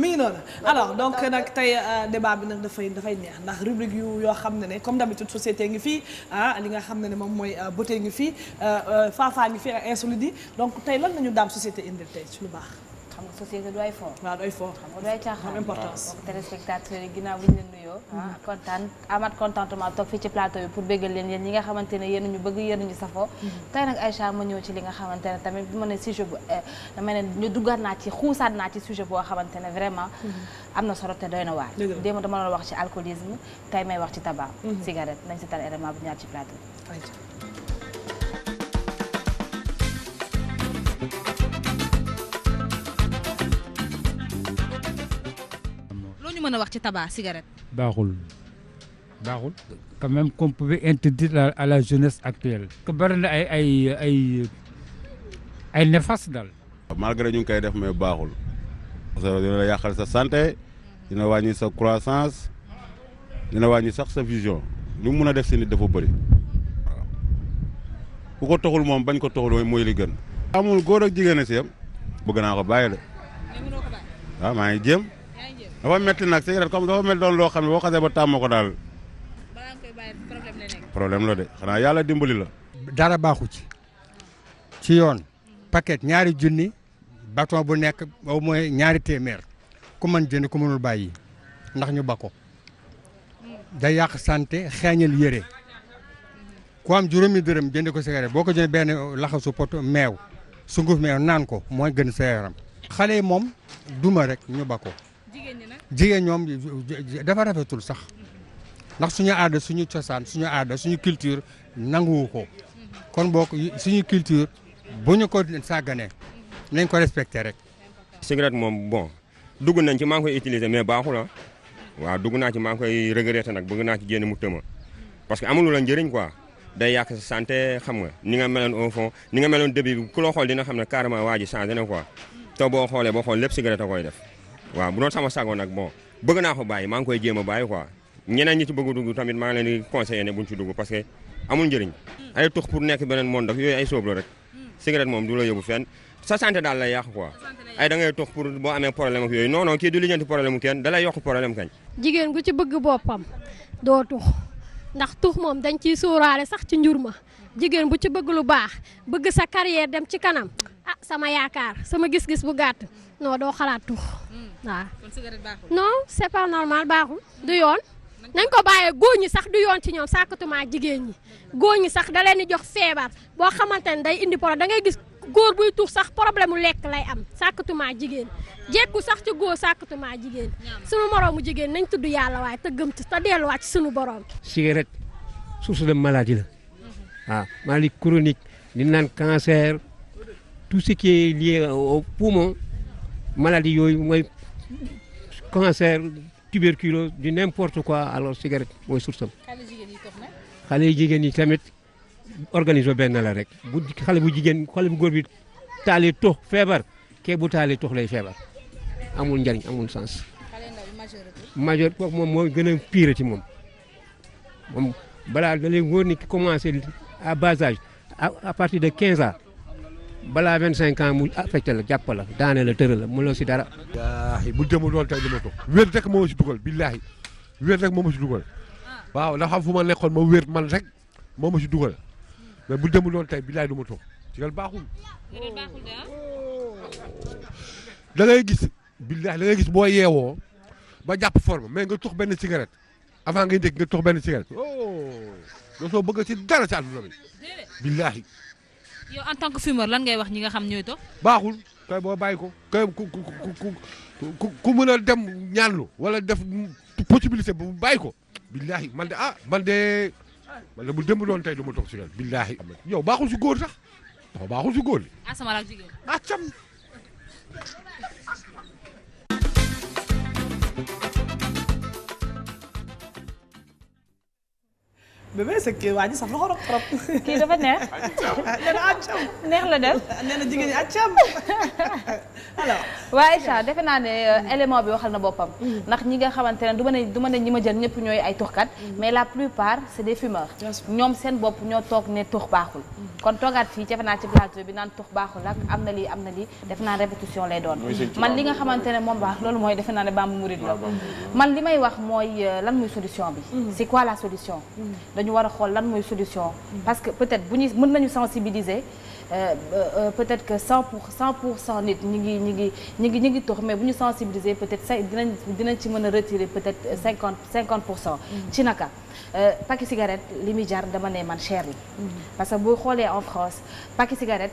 ngi noonu. alors donc nag tey euh, débat bi nag dafay dafay neex ndax rubrique yu yoo xam ne ne comme d'habitude société ngi fii ah, li nga xam ne ne moom mooy euh, beauté ngi fii euh, faafaa ngi fii ak insolite donc tey lan nañu daam société indil tey ci lu baax. xam nga société du ay fond. waaw du ay fond xam nga du ay caaxaan importance. donc téléspectateurs yi ginnaaw bi ñu leen yoo ah, mm-hmm. kontaan amaat contentement toog fii ci plateau yi pour béggal leen yéen ñi nga xamante ne yéen ñu bëgg yéen ñu safoo. Mm-hmm. tey nag Aïcha ma ñëw ci li nga xamante ne tamit bi ma ne sujet bu eh, dama ne ñu duggaat naa ci xuusaat naa ci sujet boo xamante ne vraiment. Mm-hmm. am na solo te doy na waar. dëgg démb dama doon wax ci alcoolisme tey may wax ci tabac. cigarette nañ si tal élément bu ñaar ci plateau bi. mën a wax ci tabac cigarette. baaxul baaxul. quand même qu'on pouvait interdire à la jeunesse actuelle. que bari na ay ay ay ay néfaste daal. malgré ñu ngi koy def mais baaxul. parce sa santé dina wàññi sa croissance dina wàññi sax sa vision li mu mën a def si nit dafa bëri ku ko toxul moom bañ ko toxul mooy li gën. amul góor ak jigéen a si yam bëgg naa ko bàyyi de. waaw ah, maa ngi jéem. dafa metti nag cigarette comme dafa mel doon loo xam ne boo xasee ba tàmmoo ko daal. balaa problème la de xanaa yàlla dimbali la. dara baaxu ci ci yoon paket ñaari junni bâton bu nekk au moins ñaari téeméer ku mën jënd ku mënul bàyyi ndax ñu ba ko da yàq santé xeeñal yére ku am juróomi dërëm jënd ko cigarette boo ko jënd benn laxasu pot meew sunguf meew naan ko mooy gën sa xale yi moom duma rek ñu ba jigéen ñoom dafa rafetul sax ndax suñu aada suñu cosaan suñu aada suñu culture nanguwu ko kon boo suñu culture bu ñu ko sàgganee nañ ko respecté rek. cigarette moom bon dugg nañ ci maa ngi koy utiliser mais baaxul ah waaw dugg naa ci maa ngi koy regretté nag bëgg naa ci génn mu tëma parce que amuloo la njëriñ quoi. day yàq sa xam nga ni nga meloon au fond ni nga meloon début bi xool dina xam ne carrément waa ji changé na boo xoolee boo xool lépp cigarette a koy def. waaw bu doon sama sago nag bon bëgg naa ko bàyyi maa ngi koy jéem a bàyyi quoi ñeneen ñi ci bëgg dugg tamit maa ngi leen di conseillé ne buñ ci dugg parce que amul njëriñ hmm. ay tux pour nekk beneen monde ak yooyu ay sóob rek hmm. cigarette moom du la yóbbu fenn sa santé daal lay yàq quoi ay da tux pour boo amee problème yooyu non non kii du lijjanti problème kenn da lay yokk problème kañ jigéen gu ci bëgg boppam doo tux ndax tux moom dañ ciy sóoraale sax ci njur ma jigéen bu ci bëgg lu baax bëgg sa carrière dem ci kanam ah sama yaakaar sama gis-gis bu gàtt non doo waaw. kon cigarette baaxul. non c'est pas normal baaxul du yoon. nañ ko bàyyee góor ñi sax du yoon ci ñoom sàkkatuma jigéen ñi góor ñi sax da leen di jox feebar boo xamante ne day indi problème da ngay gis góor buy tuux sax problème mu lekk lay am sàkkatuma jigéen jekku sax ci góor sàkkatuma jigéen sunu moroomu jigéen nañ tudd yàlla waaye te gëm te delluwaat ci sunu borom. cigarette source de maladie la waaw ah, maladie chronique li naan cancer tout ce qui est lié maladie yooyu cancer tuberculose du n'importe quoi alors cigarette mooy sursam xale yi jigéen yi tamit organisme benn la rek bu xale bu jigéen xale bu góor bi taalee tox feebar kee bu taalee tox lay feebar amul njariñ amul sens majeur kooku moom moo gën a pire ci moom moom balaa da lay wóor ni ki commencé à bas âge à partir de 15 balaa 25 ans mu affecté ah, la jàpp la daane la tëral la mënoo si dara. wallaahi bu demul woon tey dama ko wér rek moo ma si dugal billaahi wér rek moo ma si dugal waaw ndax xam fu ma nekkoon ma wér man rek moo ma si dugal mais bu demul woon tey billaahi du ma toog digal baaxul. Ah. da gis billaahi da gis boo yeewoo ba jàpp forme mais nga tux benn cigarette avant ngay dégg nga tux benn cigarette oh, bëgg si dara si àdduna bi billaahi. yow en tant que fumeur lan ngay wax ñi nga xam ñooy tox baaxul kay boo bàyyi ko kay ku ku ku ku mën a dem ñaanlu wala def possibilité bu bàyyi ko. billaahi man de ah man de man de bu démb doon tey du mu tox si billaahi yow baaxul si góor sax baaxul si góor. ah sama la ak jigéen ah cam. bébé sa kii waa ñi sax na xorop xorop. kii dafa neex. nee na àccam neex la def. nee na jigéen ñi àccam defe naa ne élément bi waxal na boppam. ndax ñi nga xamante ne du ma ne du ne ñi ma jël ñëpp ñooy ay tuxkat. Mm. mais la plupart c' est des fumeurs. ñoom seen bopp ñoo toog ne tux baaxul. Mm. kon toogaat fii defe naa ci plateau bi naan tux baaxul ak am na lii am na li defe naa ne répétition lay doon. man li nga xamante ne moom baax loolu mooy defe naa ne mu murid ah, la. man li may wax mooy euh, lan muy solution bi. Mm. c' quoi la solution. ñu war a xool lan mooy solution. parce que peut-être bu ñu mën nañu sensibiliser euh, euh, euh, peut-être que 100 pour 100 pour 100 nit ñi ngi ñi ngi ñi ngi ñi ngi tox mais bu ñu sensibiliser peut-être say dinañ dinañ ci mën a retirer peut-être 50 50 pour cent. Mm-hmm. ci naka paquet cigarette li muy jar dama ne man cher yi. Mm-hmm. parce que boo xoolee en France paquet cigarette.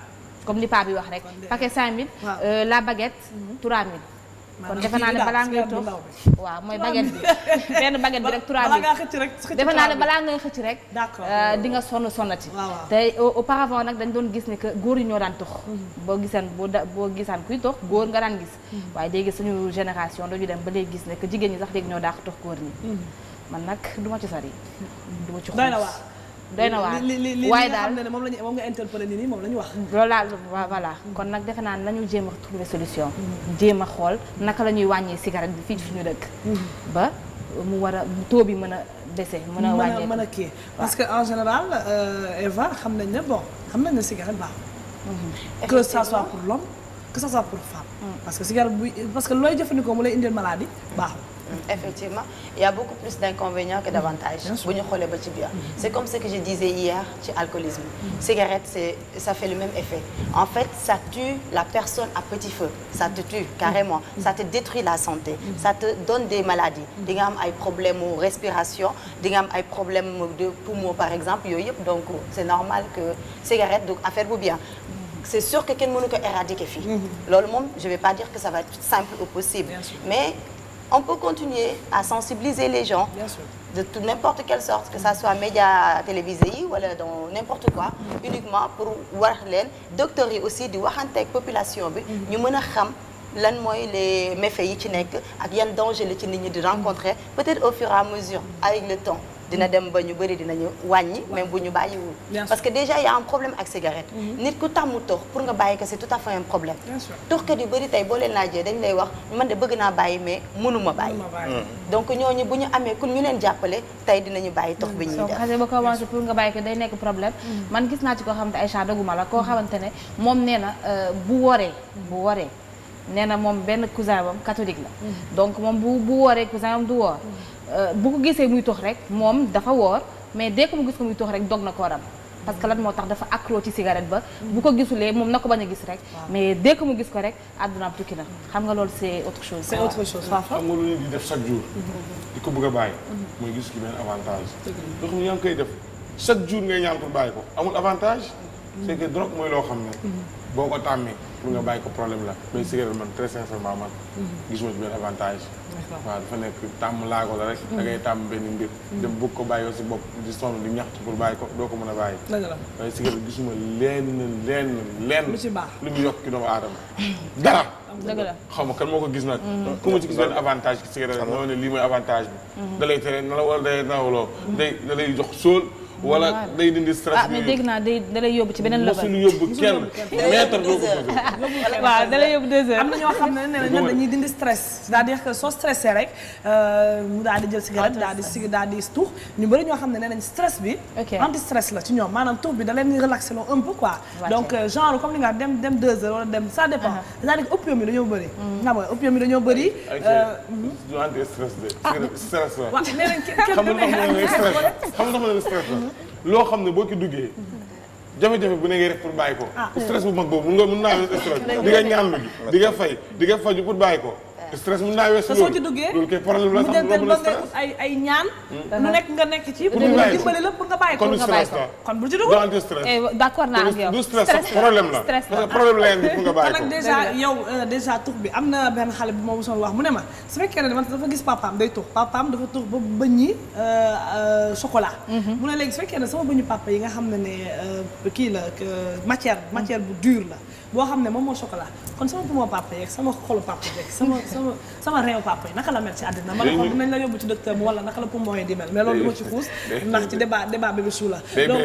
comme ni paa bi wax rek paquet 5000. waaw euh, la baguette 3000. Mm-hmm. kon defe naa ne balaa ngay toog waaw mooy baguette bi benn baguette bi rek 3000 balaa xëcc rek defe naa ne balaa ngay xëcc rek. d'accord euh, di nga sonn sonnati. te auparavant nag dañ doon gis ne que góor yi ñoo daan tox. Mm-hmm. boo gisaan boo da boo gisaan kuy tox góor nga daan gis. Mm-hmm. waaye léegi suñu génération dañu dem ba léegi gis ne jigéen ñi sax léegi ñoo daax tox góor ñi. man nag du ma ci sori. du ma doy na waar waaye daal li li moom la ñu moom nga interpellé nii moom la ñu wax. loolu daal voilà kon nag defe naa nañu jéem a trouver solution. jéem a xool naka la ñuy wàññee cigarette bi fii ci suñu dëkk. Mm-hmm. ba mu war a taux bi mën a dese. mën a wàññee mën a kii parce que en général euh, Eva xam nañ ne bon xam nañ ne cigarette baaxul. Mm-hmm. que ça soit pour l'homme que ça soit pour femme. Mm. parce que cigarette buy parce que looy jëfandikoo mu lay indil maladie baaxul. effectivement il y a beaucoup plus d'inconvénients que d'avantages bu ñu xoolee ba ci biir c'est comme ce que je disais hier ci alcoolisme cigarette c'est ça fait le même effet en fait ça tue la personne à petit feu ça te tue carrément mm. ça te détruit la santé ça te donne des maladies mm. di nga am ay problème u respiration di nga am ay problème de poumon par exemple yooyu yëpp donc c'est normal que cigarette donc affaire bu bien c'est sûr que kenn mënu ko éradiquer fii mm-hmm. loolu moom je vais pas dire que ça va être simple ou possible mais on peut continuer à sensibiliser les gens. Bien sûr. de tout n'importe quelle sorte que ça soit média télévisé yi wala dans n'importe quoi. uniquement pour war leen docteurs yi aussi di waxanteeg population bi. Mhm. ñu mën a xam. lan mooy les méfaits yi ci nekk ak yan danger la ci nit ñi di rencontrer peut-être au fur et à mesure avec temps dina dem ba ñu bëri dinañu wàññi même bu ñu bàyyi bàyyiwul parce que déjà y a un problème ak cigarette mhm. nit ku tàmmu tox pour nga bàyyi ko c'est tout à fait un problème toxkat yu bëri tey boo leen laajee dañ lay wax man de bëgg naa bàyyi mais mënuma bàyyi mhm. donc ñooñu bu ñu amee kun ñu leen jàppale tey dinañu bàyyi tox bi ñuy def soo xasee ba commencé pour nga bàyyi ko day nekk problème mhm. man gis naa ci koo xamante Aïcha doguma la koo xamante ne moom nee na euh, bu woree bu woree nee na moom benn cousin bam catholique la. Mm-hmm. donc moom bu bu wooree cousin am du woor. Mm-hmm. Euh, bu ko gisee muy toox rek moom dafa woor mais dès mu gis ko muy toox rek dog na kooram. parce que lan moo tax dafa accro ci cigarette ba. Mm-hmm. bu ko gisulee moom na ko bañ a gis rek. mais dès mu gis ko rek àddunaam tukki na. xam nga loolu c'est autre chose. di def chaque jour. di ko bëgg a bàyyi. mooy gis ki benn avantage. dëgg la yaa ngi koy def chaque jour ngay ñaan pour bàyyi ko amul avantage. c'est que boo ko tàmmee pour nga bàyyi ko problème la mais cigarette man très sincèrement man. gisuma ci benn avantage. waaw dafa nekk tàmm laago la rek. da ngay mm-hmm. tàmm benn mbir. Mm-hmm. dem bëgg ko bàyyi si bopp di sonn di ñaxtu pour bàyyi ko doo ko mën a bàyyi. dëgg la waaye cigarette gisuma lenn lenn lenn. lu ci baax kan moo ko gis nag. Mm-hmm. ku ma ci gis avantage ci cigarette. xam nga ne lii mooy avantage bi. da lay tere na la wala day nawloo. day da lay jox sóol. wala day dindi stress ah mais dégg naa day dalay yóbbu ci beneen level. mosul yóbbu kenn mètre doo ko waaw dalay yóbbu deux heures. am na ñoo xam ne nee nañ dañuy dindi stress. c'est-à-dire que soo stressé rek euh, mu daal di jël cigarette daal di sig daal di tuux ñu bëri ñoo xam ne nee nañ stress bi. anti stress la ci ñoom maanaam tuux bi da leen di relaxé loo un peu quoi. donc euh, genre comme li nga dem dem deux heures wala dem ça dépend. Uh-huh. c'est-à-dire que opium yi dañoo bëri. Mm. nga mooy opium yi dañoo bëri. Euh, anti ah. stress de. stress la. waaw nee nañ kenn kenn xam nga ndox loo xam ne boo ki duggee jafe-jafe bu ne ngay def pour bàyyi ko ah. stress bu mag boobu mun nga mun naa stress di nga ñaan lu ji di nga fay di nga faju pour bàyyi ko stress mën naa weesu loolu duggee. problème la sax ay ñaan. Hmm. lu nekk nga nekk ci. pour nga dimbali lépp nga bàyyi ko nga bàyyi ko kon bu ci dugg. daal di stress eh, naa ak yow. du stress la problème la yéen pour déjà euh, tux bi am na benn xale bu ma mosoon wax mu ne ma su fekkee ne man dafa gis papaam day tux papaam dafa tux ba bëññi euh, euh, chocolat. Mhm. mu ne léegi su fekkee ne sama bëñu papa yi nga xam ne ne kii la matière matière bu dure la boo xam ne moom moo chocolat kon sama bëñu papa yeeg sama sama sama réew papa yi naka la mel ci àddina ma ne ko dinañ la yóbbu ci docteur bi wala naka la pour mooy di mel mais loolu ci xuus ndax ci débat débat bi bi suu donc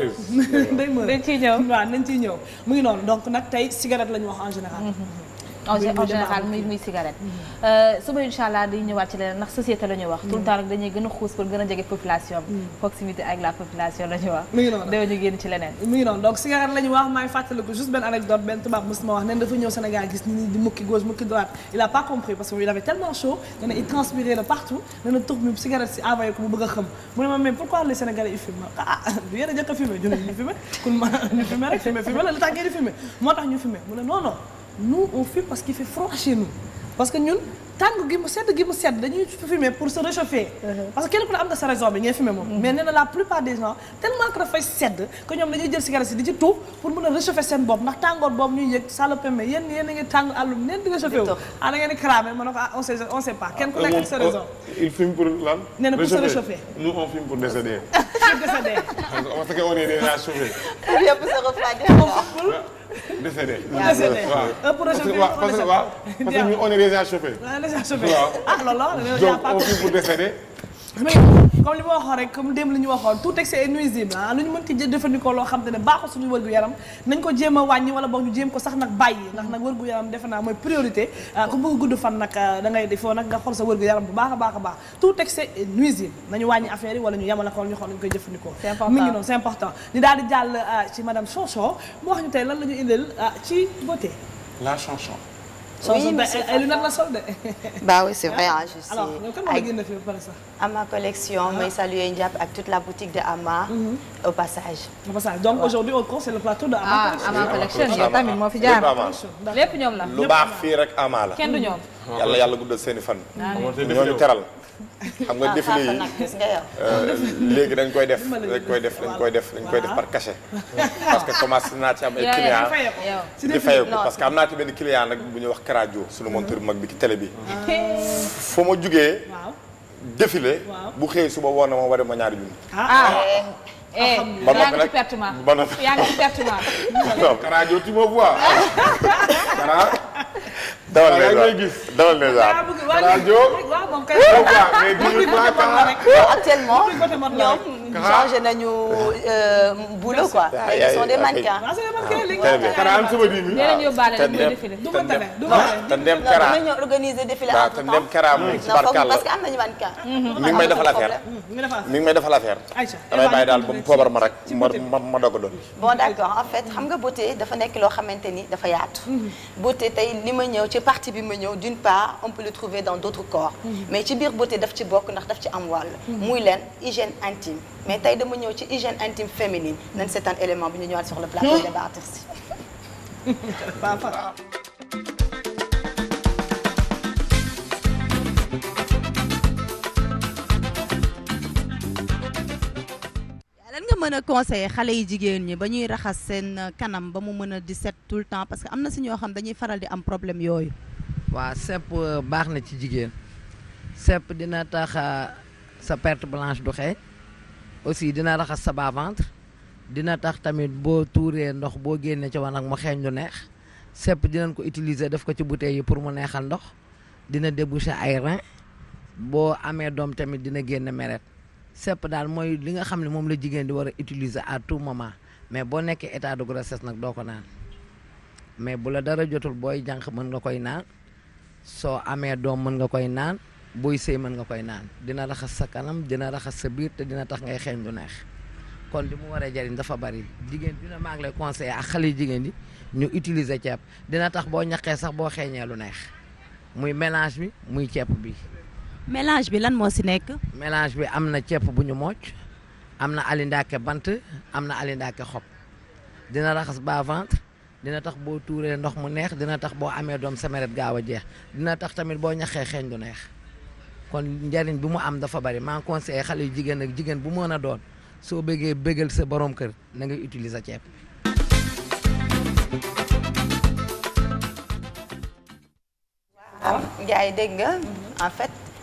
day mën dañ ciy ñëw waaw nañ ciy ñëw mu ngi noonu donc nag tey cigarette la wax en général mm-hmm. muy muy cigarette euh, suba incha allah wax mm. tout le temps rek dañuy gën a xuus pour gën a jege population mm. proximité ak la population la wax mu génn ci leneen mu ngi donc cigarette la ñuy wax maa ngi fàttaliku juste benn anecdote benn tubaab mos wax nen dafa ñëw Sénégal gis nit mukki gauche mukki droite il a pas compris parce que il avait tellement chaud ne il transpirait de partout ne na tux mi cigarette si envoyé mu bëgg xam mu ne nous on fume parce qu'il fait froid chez parce que ñun tàng gi mu sedd gi mu sedd dañuy fumer pour se réchauffer. Uh-huh. parce que kenn ku ne am nga sa raison bi ngay fumer moom. Uh-huh. mais nee na la plupart des gens tellement que dafay sedd que ñoom dañuy jël cigarette si di ci tuuf pour mën a réchauffer seen bopp ndax tàngoor boobu ñuy yëg ça le permet yéen ngi tàng àllum neen réchauffer wu. ah da ngeen di cramer ma ne ko ah on sait on sait pas. kenn ku nekk ah, décédé. Ah, décédé un projet bi waaw parce que waaw parce que ñu on est déjà chauffé. waaw déjà chauffé ah loolu la. donc on vit pour décédé. comme li ma waxoon rek comme démb li ñu waxoon tout excès est nuisible ah lu ñu jëfandikoo loo xam te ne baaxul suñu wërgu yaram nañ ko jéem wàññi wala boog ñu jéem ko sax nag bàyyi ndax nag wërgu yaram defe naa mooy priorité ah. ku bëgg gudd fan nag ah, da ngay defoo nag nga xool sa wërgu yaram bu baax baax a baax tout excès est nuisible nañu wàññi affaire yi wala ñu yemale ko ñu xool ñu koy jëfandikoo mi ngi noonu c'est important ñu daal di jàll ah, ci madame Chanchon mu wax ñu tey lan la ñu indil ci beauté la chanson oui monsieur Fafa ay lunettes la sol de. bah oui c'est vrai ah je moo génn fii ba pare sax. Ama collection may saluer Ndiap ak toute la boutique de Ama. Mhm. au passage. donc aujourd'hui on conseille le plateau de Ama. Ah, collection yow tamit moo fi jaar lépp ñoom rek Ama la. kenn du ñoom. yàlla yàlla guddal seen i fan. Ah. Ah. ñooñu teral. xam nga défilé yi ah, euh, léegi dañ koy def dañ koy def dañ koy def dañ koy def par cachet parce que commencé naa ci am ay client di faye ko parce que am naa ci benn client nag bu ñuy wax Karajo sunu monteur mag bi ci tele bi ah. foo ma jugee défilé bu xëyee suba woon na ma war ma ñaari junni ah. Eh. Eh. ba noppi nag ba noppi yaa ngi ci pertement. Karajo tu me vois. dawal ne daal dawal ne daal. waaw moom actuellement ñoom. Ah. changé nañu euh, boulot quoi. Ah, ils sont ah, des mannequins. waaw hmm. parce que am nañu mannequin. Hmm. mi ngi may defal affaire mi may defal affaire. damay bàyyi daal mu poobar ma rek ma ma a doon. bon d'accord en fait xam nga beauté dafa nekk loo xamante ni dafa yaatu. Hmm. beauté tey li ma ñëw ci partie bi ma ñëw d'une part on peut le trouver dans d'autres corps. mais ci biir beauté daf ci bokk ndax daf ci am wàll. muy leen hygiène intime. mais tey dama ñëw ci hygiène intime féminine nañ seetaan élément bi ñu ñëwaat sur le plateau hmm? débattre si mën a conseiller xale yi jigéen ñi ba ñuy raxas seen kanam ba mu mën a di set tout le temps parce que am na si ñoo xam dañuy faral di am problème yooyu waa sepp euh, baax na ci jigéen sepp dina tax euh, sa perte blanche du xeeñ aussi dina raxas sa bas ventre dina tax tamit boo tuuree ndox boo génnee ci wanag mu xeeñ lu neex sepp dinañ ko utiliser def ko ci bouteille yi pour mu neexal ndox dina déboucher ay rein boo amee doom tamit dina génn meret sepp daal mooy li nga xam ne moom la jigéen di war a utiliser à tout moment mais boo nekkee état de grossesse nag doo ko naan mais bu la dara jotul booy jànq mën nga koy naan soo amee doom mën nga koy naan booy sëy mën nga koy naan dina raxas sa kanam dina raxas sa biir te dina tax ngay xeeñ lu neex kon li mu war jariñ dafa bari jigéen dina maa ngi lay ak xale jigéen yi ñu utiliser ceeb dina tax boo ñaqee sax boo xeeñee lu neex muy mélange bi muy ceeb bi. mélange bi lan moo si nekk. mélange bi am na ceeb bu ñu mocc am na alindaake bant am na alindaake xob dina raxas ba ventre dina tax boo tuuree ndox mu neex dina tax boo amee doom sa meret gaaw a jeex dina tax tamit boo ñaqee xeeñ lu neex. kon njariñ bi mu am dafa bari maa ngi conseillé xale jigéen ak jigéen bu mën a doon soo bëggee bëggal sa borom kër na ngay utiliser ceeb. waaw Ndiaye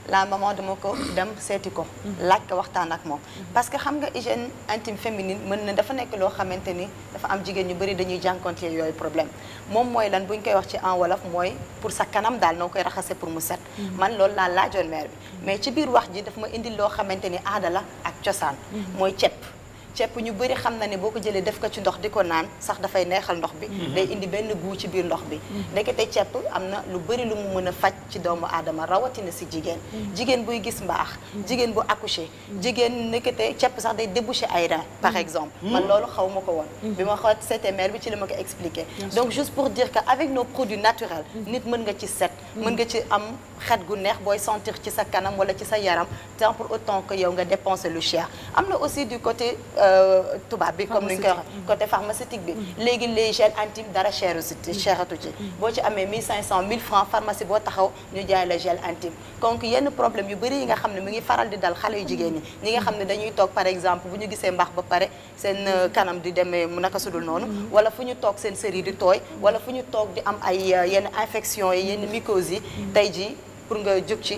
la maman dama ko dem seeti ko. laaj ko waxtaan ak moom. parce que xam nga hygiène intime féminine mën na dafa nekk loo xamante ni dafa am jigéen ñu bëri dañuy jànkonte yooyu problème moom mooy lan bu ñu koy wax ci en wolof mooy pour sa kanam daal noo koy raxase pour mu set. Mhm. man loolu laa laajoon mère bi mais ci biir wax ji dafa ma indil loo xamante ni aadala ak cosaan. Mhm. mooy ceeb. ceeb ñu bëri xam na ne boo ko jëlee def ko ci ndox di ko naan sax dafay neexal ndox bi mhm. day indi benn guu ci biir ndox bi mhm. ndekete ceeb am na lu bëri lu mu mën a faj ci doomu aadama rawatina si jigéen mhm. jigéen buy gis mbaax jigéen bu accouché jigéen ndekete ceeb sax day débouché ay rein par exemple man loolu xaw ma ko woon bi ma xoot seetee mère bi ci la ma ko expliqué donc juste pour dire que avec nos produits naturels nit mën nga ci set mën nga ci am xet gu neex booy sentir ci sa kanam wala ci sa yaram sans pour autant que yow nga dépenser lu cher Euh, tubaab bi comme ni ñu koy waxee côté pharmaceutique bi mm-hmm. léegi les gels intimes dara cheru si mm-hmm. cheratu ci mm-hmm. boo ci amee 1500 1000 francs pharmacie boo taxaw ñu jaay la gel intime donc yenn problème yu bëri yi nga xam ne mu ngi faral di dal xale yu jigéen ñi ñi nga xam ne dañuy toog par exemple bu ñu gisee mbaax ba pare seen euh, kanam di demee mu naka sudul noonu wala fu ñu toog seen série di tooy wala fu ñu toog di am ay euh, yenn infection yi yenn mycoses yi tey ji pour nga jóg ci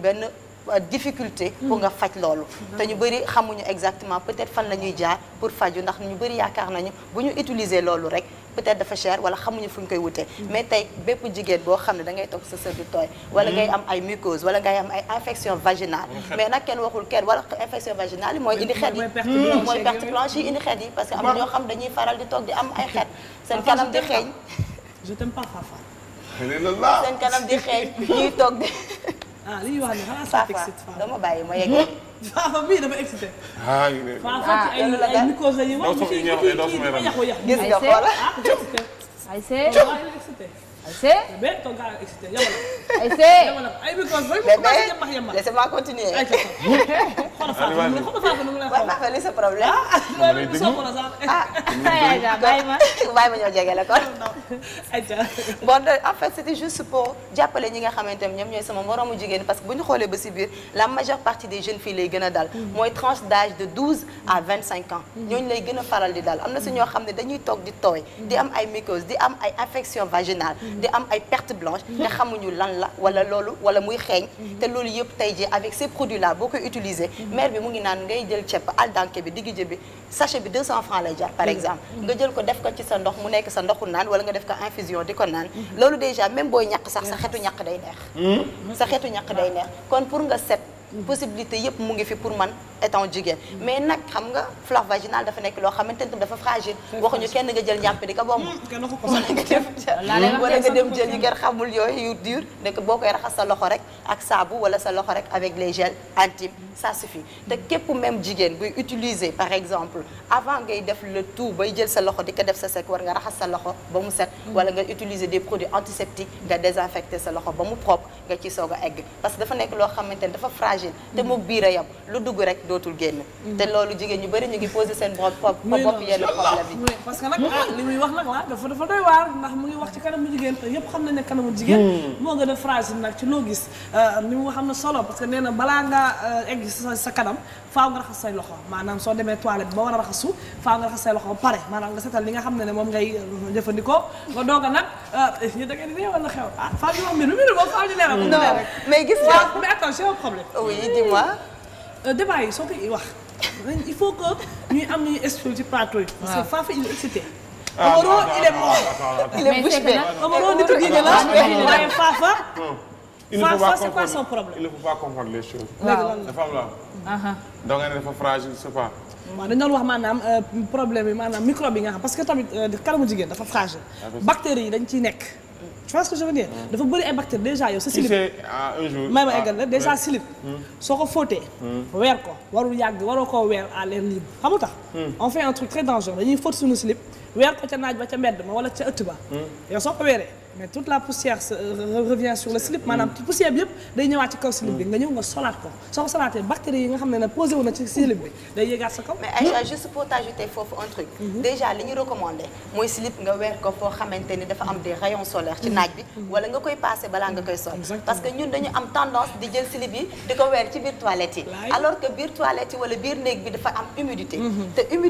benn Euh, difficulté pour nga faj loolu te ñu bëri xamuñu exactement peut-être fan la ñuy jaar pour faju ndax ñu bëri yaakaar nañu bu ñu utiliser loolu rek peut-être dafa cher wala xamuñu fu ñu koy wutee mais tey bépp jigéen boo xam ne da ngay toog sa sër du tooy wala ngay am ay mucose wala ngay am ay infection vaginale mais nag kenn waxul kenn wala infection vaginale mooy indi xeet yi mooy perte blanche yi indi xeet yi parce que am na ñoo xam dañuy faral di toog di am ay xeet seen kanam di xeeñ je ah li ñuy wax ne xanaa saa excité Fafa dama ma yegg. Fafa bii dama excité. ah yu ne Fafa ci ah, ay ay mycoses la ñuy wax. doo soog a ñor doo soog a ayisee. mais kaw ngaa excité yabal na. ayisee yabal na ay bikoo booy mu commencé yambax yambax. laissez-moi continuer. xoolal Fatou mu ne xoolal Fatou mu ne xoolal. waaw Fatou li sa problème. ah loolu soo ko la sax. ah aywa bàyyi ma bàyyi ma ñoo jege la kon. ayca. bon en fait c'était juste pour jàppale ñi nga xamante ne ñoom ñooy sama moromu jigéen parce que bu ñu xoolee ba si biir la majeure partie des jeunes filles lay gën dal. Mm. mooy tranche d'âge de 12 à 25 mm. ans. Mm. ñooñu lay gën a faral di dal am na si ñoo xam ne dañuy toog di tooy. di am ay mycoses di am ay infections vaginales. di am ay perte blanche te xamuñu lan la wala loolu wala muy xeeñ te loolu yëpp tey jii avec ces produits là boo koy utiliser mère bi mu ngi naan ngay jël ceeb aldanke bi digg bi sachet bi 200 francs lay jar par mm. exemple nga jël ko def ko ci sa ndox mu nekk sa ndoxu naan wala nga def ko infusion di ko naan loolu déjà même booy ñaq sax sa xetu ñaq day neex mm. sa xetu ñaq day neex kon pour nga set possibilité yëpp mu ngi fi pour man étant jigéen mais nag xam nga flore vaginale dafa nekk loo xamante ni tam dafa fragile waxuñu kenn nga jël njàpp di ko bomb hmm, wala nga dem jël yi ngeen xamul yooyu dur donc boo koy raxas sa loxo rek ak saabu wala sa loxo rek avec les gels sa ça suffit te képp même jigéen buy utiliser par exemple avant ngay def le tout bay jël sa loxo di ko def sa sec war nga raxas sa loxo ba mu set hmm. wala nga utiliser des produits antiseptiques nga désinfecter sa loxo ba mu propre nga ci soog a fragile te moog biir a yam lu dugg rek dootul génn te loolu jigéen ñu bëri ñu ngi posé seen bopp bopp yenn ah, muy wax nag la ah, dafa dafa doy waar ndax mu ngi wax ci kanamu jigéen te yëpp xam ne hmm. a fragile euh, na solo parce que nee balaa nga euh, egg sa kanam faaw nga raxas say loxo maanaam soo demee toilette ba war a raxasu faaw nga raxas say loxo ba pare maanaam nga setal li nga xam ne ne moom ngay euh, jëfandikoo nga doog a nag ñu da ngeen di réewal na ah, problème oui dis-moi. Euh, débat yi soo koy wax il faut que ñuy am ñuy expliqué ci plateau yi. parce que Fafa il est excité. Omaro il est mort. il est bouche bée Omaro nitu diine la waaye Fafa. il ne faut pas c'est pas son problème. il ne faut pas confondre les choses. dafa am la. Uh-huh. donc nga ne dafa fragile c'est pas. waaw dañu doon wax maanaam euh, problème yi maanaam microbe yi nga xam parce que tamit euh, kanamu jigéen dafa fragile. Ah, bactéries yi dañ ciy nekk. tu que je veux dire. Mm. dafa bëri ay bactéries déjà yow. sa slip ah, un jour may ma ah, eggal la déjà slip. Mm. soo ko fóotee. Mm. weer ko warul yàgg waroo koo weer à l'air libre xam nga tax. on fait un truc très dangereux dañuy fóot suñu slip weer ko ca naaj ba ca mbedd ma wala ca ëtt ba. yow soo ko weeree. mais toute la poussière euh, revient sur le slip maanaam mm. poussière bi yëpp day ñëwaat ci kaw slip bi nga ñëw nga solaat ko soo ko solaatee bactéries yi nga xam ne ne posé wu ci slip bi day yéegaat sa kaw. mais Aïcha juste pour t'ajouter foofu un truc. Mm-hmm. déjà li ñu recommandé mooy slip nga weer ko foo xamante ni dafa am des rayons solaires ci mm-hmm. naaj bi. Mm-hmm. wala nga koy passé balaa nga koy sol. parce que ñun dañu am tendance di jël slip yi di ko weer ci biir toilette yi. alors que biir toilette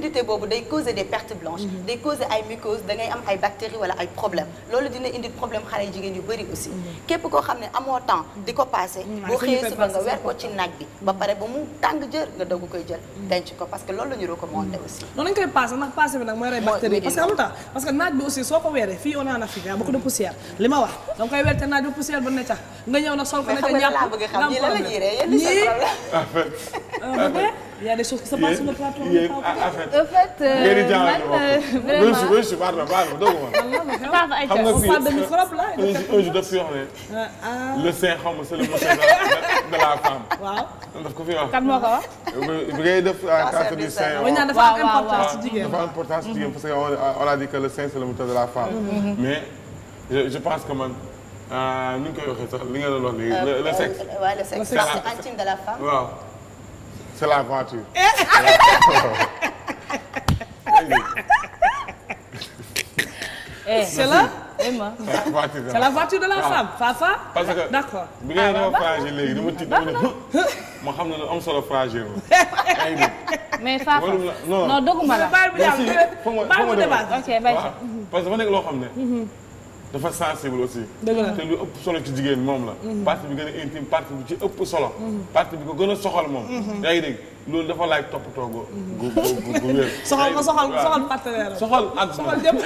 yi boobu day causer des pertes blanches. day causer am ay bactéries wala ay problèmes loolu dina indi problème xale jigéen yu bëri aussi mm. képp koo xam ne amoo temps di ko passé mm, boo xëyee suba nga weer ko ci naaj bi ba pare ba mu tàng jër nga doog koy jël mm. denc ko parce que loolu la ñu recommandé aussi noonu lañ koy passé ndax passé bi nag mooy rey bactérie parce que parce que naaj bi aussi soo ko weeree fii on en Afrique y a beaucoup de poussière li ma wax da koy weer te naaj bi poussière ba ne nga ñëw nag sol ko ne ca ñàpp bëgg xam ñi la la ñuy Il y a des choses qui se passent sur le plateau. en fait euh, euh, vraiment oui si baal ma baal ma dégg nga. Paa Ayca on parle de microbe là. un jour daf fi wax ne. le saint xaw ma c'est le monsieur de la femme. waaw daf ko fi wax. kan moo ko wax. bi ngay def carte du saint. waaw dafa am importance ci jigéen. dafa am importance ci jigéen parce que on a dit que le saint c'est le monsieur de la femme. Mm-hmm. Mm-hmm. mais je pense que man. Euh, ni ñu koy waxee sax li nga doon wax léegi. le sexe. waaw le sexe c'est l'intime de la femme. waaw. c'est la voiture. Eh. Eh, c'est la. Eh, la voiture de la femme. Fafa parce que d'accord. bi nga ne ma fragile léegi dama tiit dama ne ma xam ne lu am solo la. mais Fafa non non la. baal bi daal baal bu parce que dafa nekk ne. Mm-hmm. dafa sensible aussi. te lu ëpp solo ci jigéen moom la. Mhm. partie bi gën a intime partie bi ci ëpp solo. Mhm. partie bi ko gën a soxal moom. Mhm. yaa ngi dégg loolu dafa laaj toppatoo gu gu gu gu wér. soxal ma soxal soxal partenaire soxal ak soxal jëm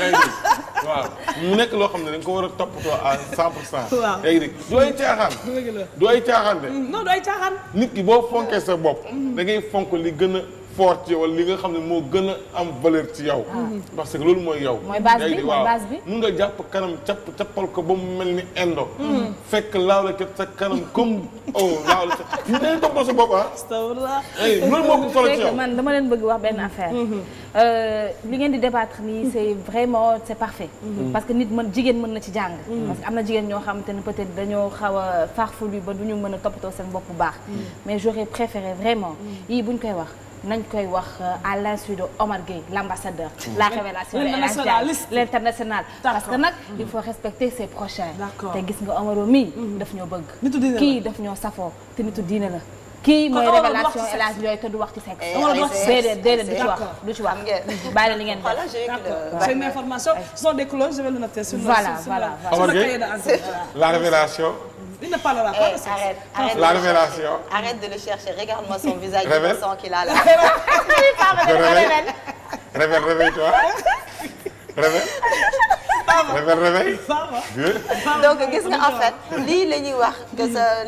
waaw mu nekk loo xam ne da nga ko war a toppatoo à 100 pour cent. waaw yaa ngi dégg du ay caaxaan. dëgg la du ay caaxaan de. non du ay caaxaan. nit ki boo fonkee sa bopp. da ngay fonk li gën a. fort ci li nga xam ne moo gën a am valeur ci yow. Ah. parce que loolu mooy yow. mooy base bi mooy bi mun nga jàpp kanam capp cappal ko ba mu mel ni indo. Hmm. fekk laaw la ca sa kanam comme o oh, laaw la ca fii dañuy toppatoo sa ah. loolu moo ko solo ci yow man dama leen bëgg wax benn affaire. Hmm, hmm. Euh, li ngeen di débattre nii c' vraiment c' est parfait. parce que nit mën jigéen mën na ci jàng. parce que am na jigéen ñoo xamante ne peut être dañoo xaw a bi ba du ñu mën a toppatoo seen bopp bu baax. mais j'aurais préféré vraiment yii nañ koy wax euh, à l'insu de Omar Gueye l'ambassadeur la révélation de l'international parce que nag mm. il faut respecter ses prochains te gis nga Omaro mii mm. daf ñoo bëgg kii daf ñoo safoo te nitu diine la kii mooy révélation El Hadj Ndiaye te du wax ci sexe. Eh, déedéet déedéet du ci wax du ci wax bàyyi la li ngeen def. c'est une information ce sont des clauses je la sur Il ne parlera pas de eh, sexe. la révélation. Arrête de le chercher. regarde son visage innocent qu'il a là. Révèle, réveille-toi. Révèle. donc gis nga en fait lii la ñuy wax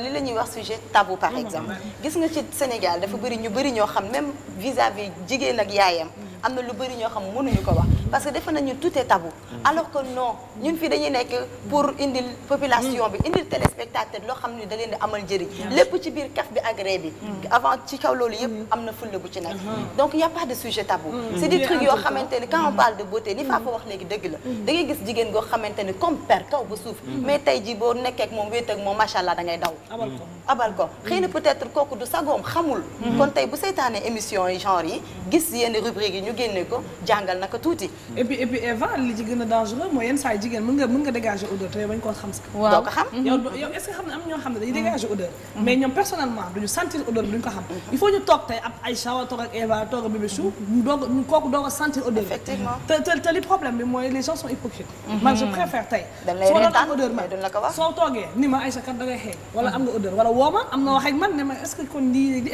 lii la ñuy wax sujet tabou par exemple gis nga ci Sénégal dafa bëri ñu bëri ñoo xam même vis vis jigéen ak yaayam am na lu bëri ñoo xam mënuñu ko wax parce que defe nañu tout est tabou alors que non ñun fii dañuy nekk pour indil population bi indil téléspectateur loo xam ni da leen di amal njëriñ lépp ci biir kaf bi agré bi mm. avant ci kaw loolu yëpp am na fulla bu ci nekk mm-hmm. donc y de sujet tabou mm-hmm. c'est des trucs yoo xamante ni quand on mm-hmm. parle de beauté ni faa ko wax léegi dëgg la da ngay gis jigéen goo xamante ni comme per kaw ba suuf mais tey ji boo nekkee ak moom wéet ak moom macha da ngay daw abal ko xëy na peut-être kooku du sagoom xamul yi genre génne ko jàngal naka tuuti. et puis li ci gën a dangereux mooy yenn saa yi jigéen mën nga mën nga dégager odeur te bañ koo xam sax. doo ko xam. yow yow xam ne am ñoo xam ne dañuy mm. dégager odeur. Mm. mais soo toogee ni ma Aïcha kat da xeeñ wala am nga mm-hmm. odeur wala woo ma am na wax ak man ne ma est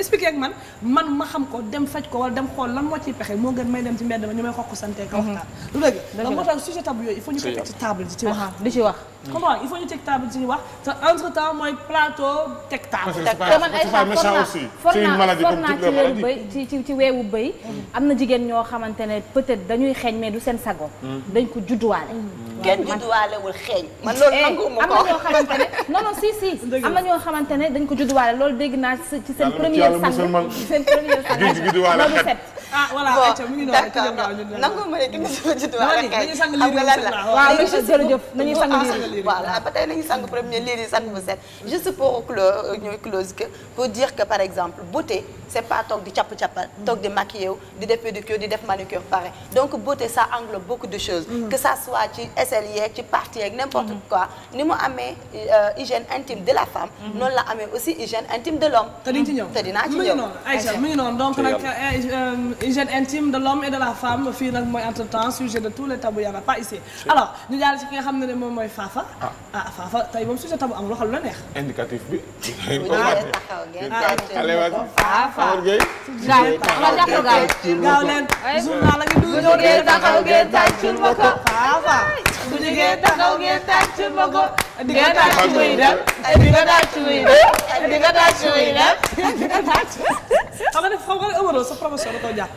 ce que kon man man ma xam ko dem faj ko wala dem xool lan moo ciy pexe moo gën may dem ci mbedd ma ñu may xokk sante ka mhm. waxtaan lu dëgg da moo tax sujet tabou yooyu il faut ñu koy teg table di ci wax di ci wax comment il faut ñu teg table di ci wax te entre temps mooy plateau teg table te man ay for naa for naa ci weeru bëy ci weewu bëy mhm. am na jigéen ñoo xamante ne peut-être dañuy xeeñ mais du seen sago mhm. dañ ko judduwaale kenn judduwaalewul xeeñ eh, man loolu nanguma ko a na ñoo xamante ne non non si si am na ñoo xamante dañ ko judduwaale loolu dégg naa ci seen première sang seen première sang ah voilà ayca la nangu ma ne ki nga sama juddu wala kay xam nga lan la waaw monsieur jërëjëf nañuy sang bu set juste pour close ñooy close que pour dire que par exemple beauté c'est pas toog di capp cappal toog di maquiller di def pédicure di def manucure pare donc beauté ça englobe beaucoup de choses mm-hmm. que ça soit ci vaisselle yeeg ci parti yeeg n'importe mhm. quoi ni mu amee euh, hygiène intime de la femme mhm. noonu la amee aussi hygiène intime de l'homme te dinaa ci ñëw te dinaa ci ñëw Aïcha mi ngi noonu donc nag euh, euh, hygiène intime de l'homme et de la femme fii nag mooy entre temps sujet de tous les tabous y en a pas ici alors ñu jàll ci ki nga xam ne ne moom mooy Fafa ah. ah Fafa tey moom sujet tabou am waxal lu la neex indicatif bi ah. ah, gaaw leen journal la ngi du ñëw de taxaw ngeen tàccul ma ko bu ñu gee taxaw ngeen tàcc ma ko. di nga tàcc muy def di nga tàcc muy def di nga tàcc muy def di nga tàcc. xam nga ne xam nga ne Omaro sa promotion la ko jàpp.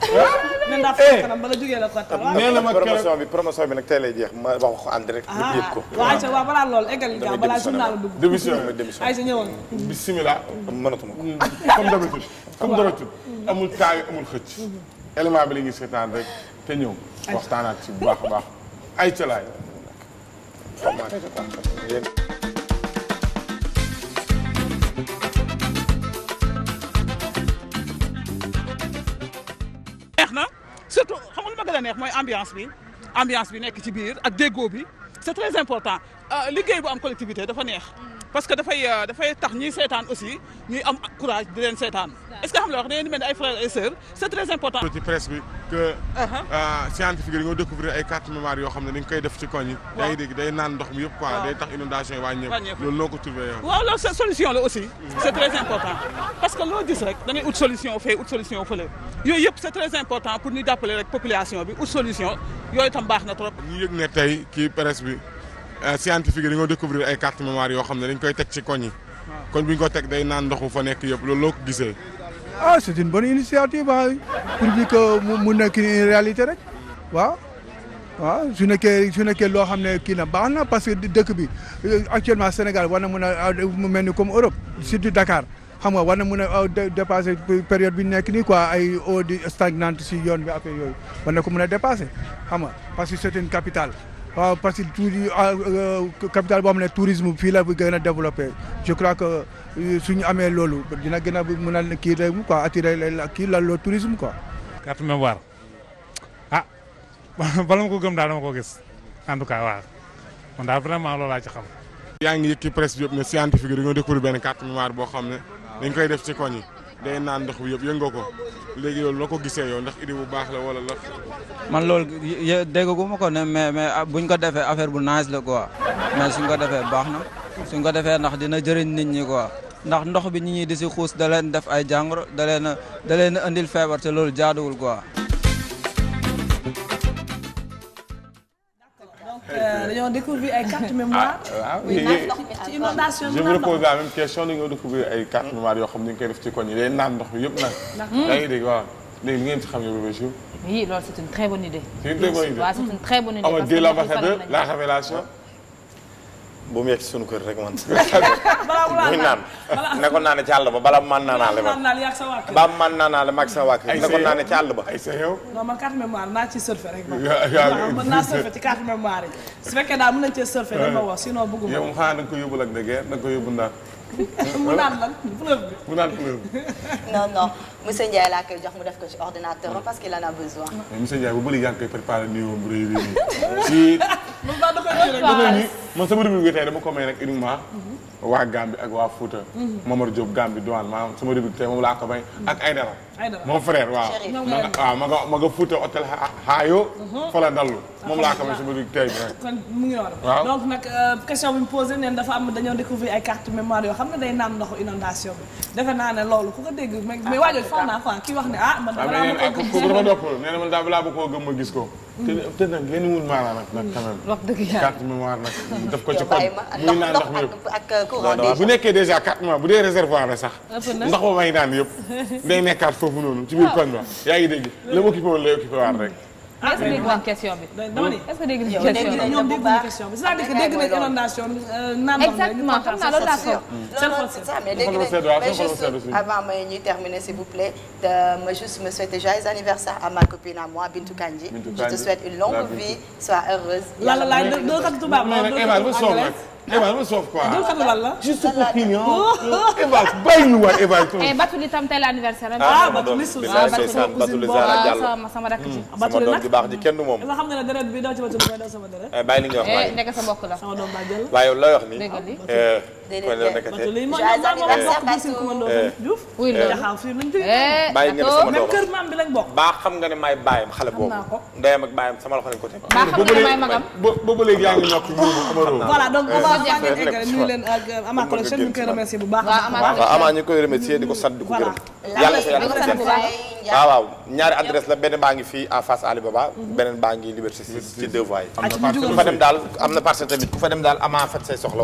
nee naa fekk kanam bala jugee la ko tal. Eh, nee na ma promotion bi promotion bi nag tey lay jeex ma wax ko en direct. ah waaw Aïcha waaw balaa loolu eggal li nga balaa journal la dugg. démission bi démission Aïcha ñëwoon. bisimilah. mënatuma ko. Mm, comme d'habitude comme d'habitude amul taayu amul xëcc. Mm. élément bi la ñuy seetaan rek te ñëw waxtaan ak ci bu baax a baax Aïcha laay. neex na surtout xam nga lu ma gën a neex mooy ambiance bi ambiance bi nekk ci biir ak déggoo bi c'est très important euh, liggéey bu am collectivité dafa neex. parce que euh, dafay tax ñuy seetaan aussi ñuy am courage di seetaan est-ce que da ngeen di mel ni ay frères et important. Uh-huh. Euh, ci yoo xam ne dañ koy def ci koñ yi. yaa ngi dégg day naan ndox mi yëpp quoi day tax inondation yi wàññeeku. loolu noo ko trouvé yow. waaw loolu mm. population bi ut solution yooyu tam baax na trop. ñu yëg ne tey kii presse Euh, scientifique yi dañoo découvrir ay carte mémoire yoo xam ne dañ koy teg ci koñ yi. Ah. koñ bi ñu ko teg day naan ndoxu fa nekk yëpp loolu loo ko gisee. ah c'est une bonne initiative ah pour bi waaw. waaw su nekkee su loo xam ne kii na baax na parce que dëkk bi euh, actuellement Sénégal war na mën a euh, mu mel ni comme Europe surtout Dakar xam nga war na mën a dépasser période bi nekk nii quoi ay eau di stagnante si yoon bi affaire yooyu war na ko mun a dépasser xam nga parce que c'est une waaw parce que tuuti ah, euh, capital boo xam ne tourisme fii la gën a développé je crois que euh, suñu amee loolu dina gën a mën a kii rek quoi attirer kii la le tourisme quoi. carte mémoire ah bala ma ko gëm daal dama ko gis en tout cas waaw man daal vraiment loolaa xam. yaa ngi yëg ci presse bi yëpp ne scientifique dañoo découvrir benn carte mémoire boo xam ne dañ koy def ci koñ yi. day naan ndox bi yëpp yëngoo ko léegi loolu la ko gisee yow ndax idée bu baax la wala la. man lool loolu ma ko ne mais mais ah, buñ ko defee affaire bu nice la quoi mais suñ ko defee baax na suñ ko defee ndax dina jëriñ nit ñi quoi ndax ndox bi ñi ñi di si xuus da leen def ay jàngoro da leen da leen indil feebar te loolu jaaduwul quoi. Euh, dañoo découvrir ay carte mémoire. ah, ah, ah ci inondation bi je vous repose la même question dañoo découvrir ay carte mémoire yoo xam ne ñu ngi koy def ci koñ yi day naan ndox mi yëpp nag. yaa ngi dégg waaw léegi li ngeen ci xam yow Bébé Chou. oui loolu c' est une très bonne idée. c' est une très bonne idée. waaw c' est une très bonne idée. parce que la révélation bu mu yegg si rek man. balaa mu laa naan ne ko naanee ci àll ba balaa mu mën naanaale ma. balaa mu mën ma ak sa waa kër. ne ko naanee ci àll ba. ay sa yow non ci surfer rek man. waaw mën naa surfer fekkee daal mën nañu cee surfer rek ma wax sinon bëgguma. yow xanaa na nga ko yóbbul ak dëgg na ko yóbbu ndax. mu naan lan fleuve bi. mu naan fleuve non non monsieur Ndiaye laa koy jox mu def ko ordinateur parce qu'il en a besoin. mais monsieur Ndiaye bu bëri yaa ngi koy préparé nuyoo bu rëy rëy man sama rubrique bi tey dama ko may rek uniquement. Mhm. waa Gambie ak waa Fouta. Mhm. Momar Diop Gambie douane maanaam sama rubrique tey moom laa ko ak ay mon frère waaw ma nga ma nga ma nga Fuuta hôtel Hayo. Mhm. fa la dallu moom laa ko amee sama tey bi rek. kon mu ngi waaw donc nag euh, question bi mu posé neen dafa am dañoo découvrir ay carte mémoire yoo xam ne day naan ndoxu inondation defe naa ne loolu ku ko dégg mais ah, ah, waajal foog naa quoi kii wax ne ah. man balaa ah, ma ko gis dama dopp nee na koo gëm gis ko. Mhm. te te nag ngeen wul maanaam nag nag quand ko ci kon muy naan ndox ak euh, courant bu nekkee déjà carte bu dee réservoir la sax. ndox ba may naan yëpp day nekkaat foofu noonu ci biir koñ ba yaa ngi dégg la mu occupé woon lay occupé waat rek ah, est-ce que dégg nañ question bi. dama ni est a que dégg nañ question bi ñoom dégg bi c'est-à-dire que dégg euh, avant may ñuy terminer s'il vous plaît de ma juste me souhaiter joyeux anniversaire à ma copine à moi Bintou Kandji je te souhaite une longue vie sois heureuse. yàlla laay doo tax tubaab ma doo tax tubaab Eva dama soof quoi dul xatu lan la. juste ah, pour pignon. Eva bàyyi ñu waay Eva. Batul itam tey la anniversaire am. ah Batul li suuf ah Batul li sama hmm, sama rakk ji. sama doom ju baax ji kenn du moom. nga eh, xam nga ne deret bi sama deret. Eh, bàyyi li nga wax eh, nekk sa mbokk la. sama doom baa jël. waaye Eh. Eh, ba kër maam bi lañ bokk baa xam nga ne maay baayam xale boobu ndeyam ak baayam sama loxo lañ ko teg boobu léegi yaa ngi ñokk voilà donc on va ñu eh, leen ak euh, Ama Collection ñu koy remercier bu baax waaw Ama ñu koy remercier di ko sant di ko a yàlla ko yàlla waaw waaw ñaari adresse la benn baa ngi fii en face Alibaba mhm. beneen baa ngi Liberté 6 ci deux voies yi ku ah, fa dem daal am na parcelle tamit ku fa dem daal Ama faj say soxla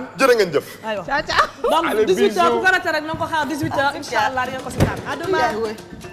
seetaan jërë ngeen jëf. aywa donc 18h bu ko ratee rek na nga ko xaar 18h incha allah di nga ko seetaan à demain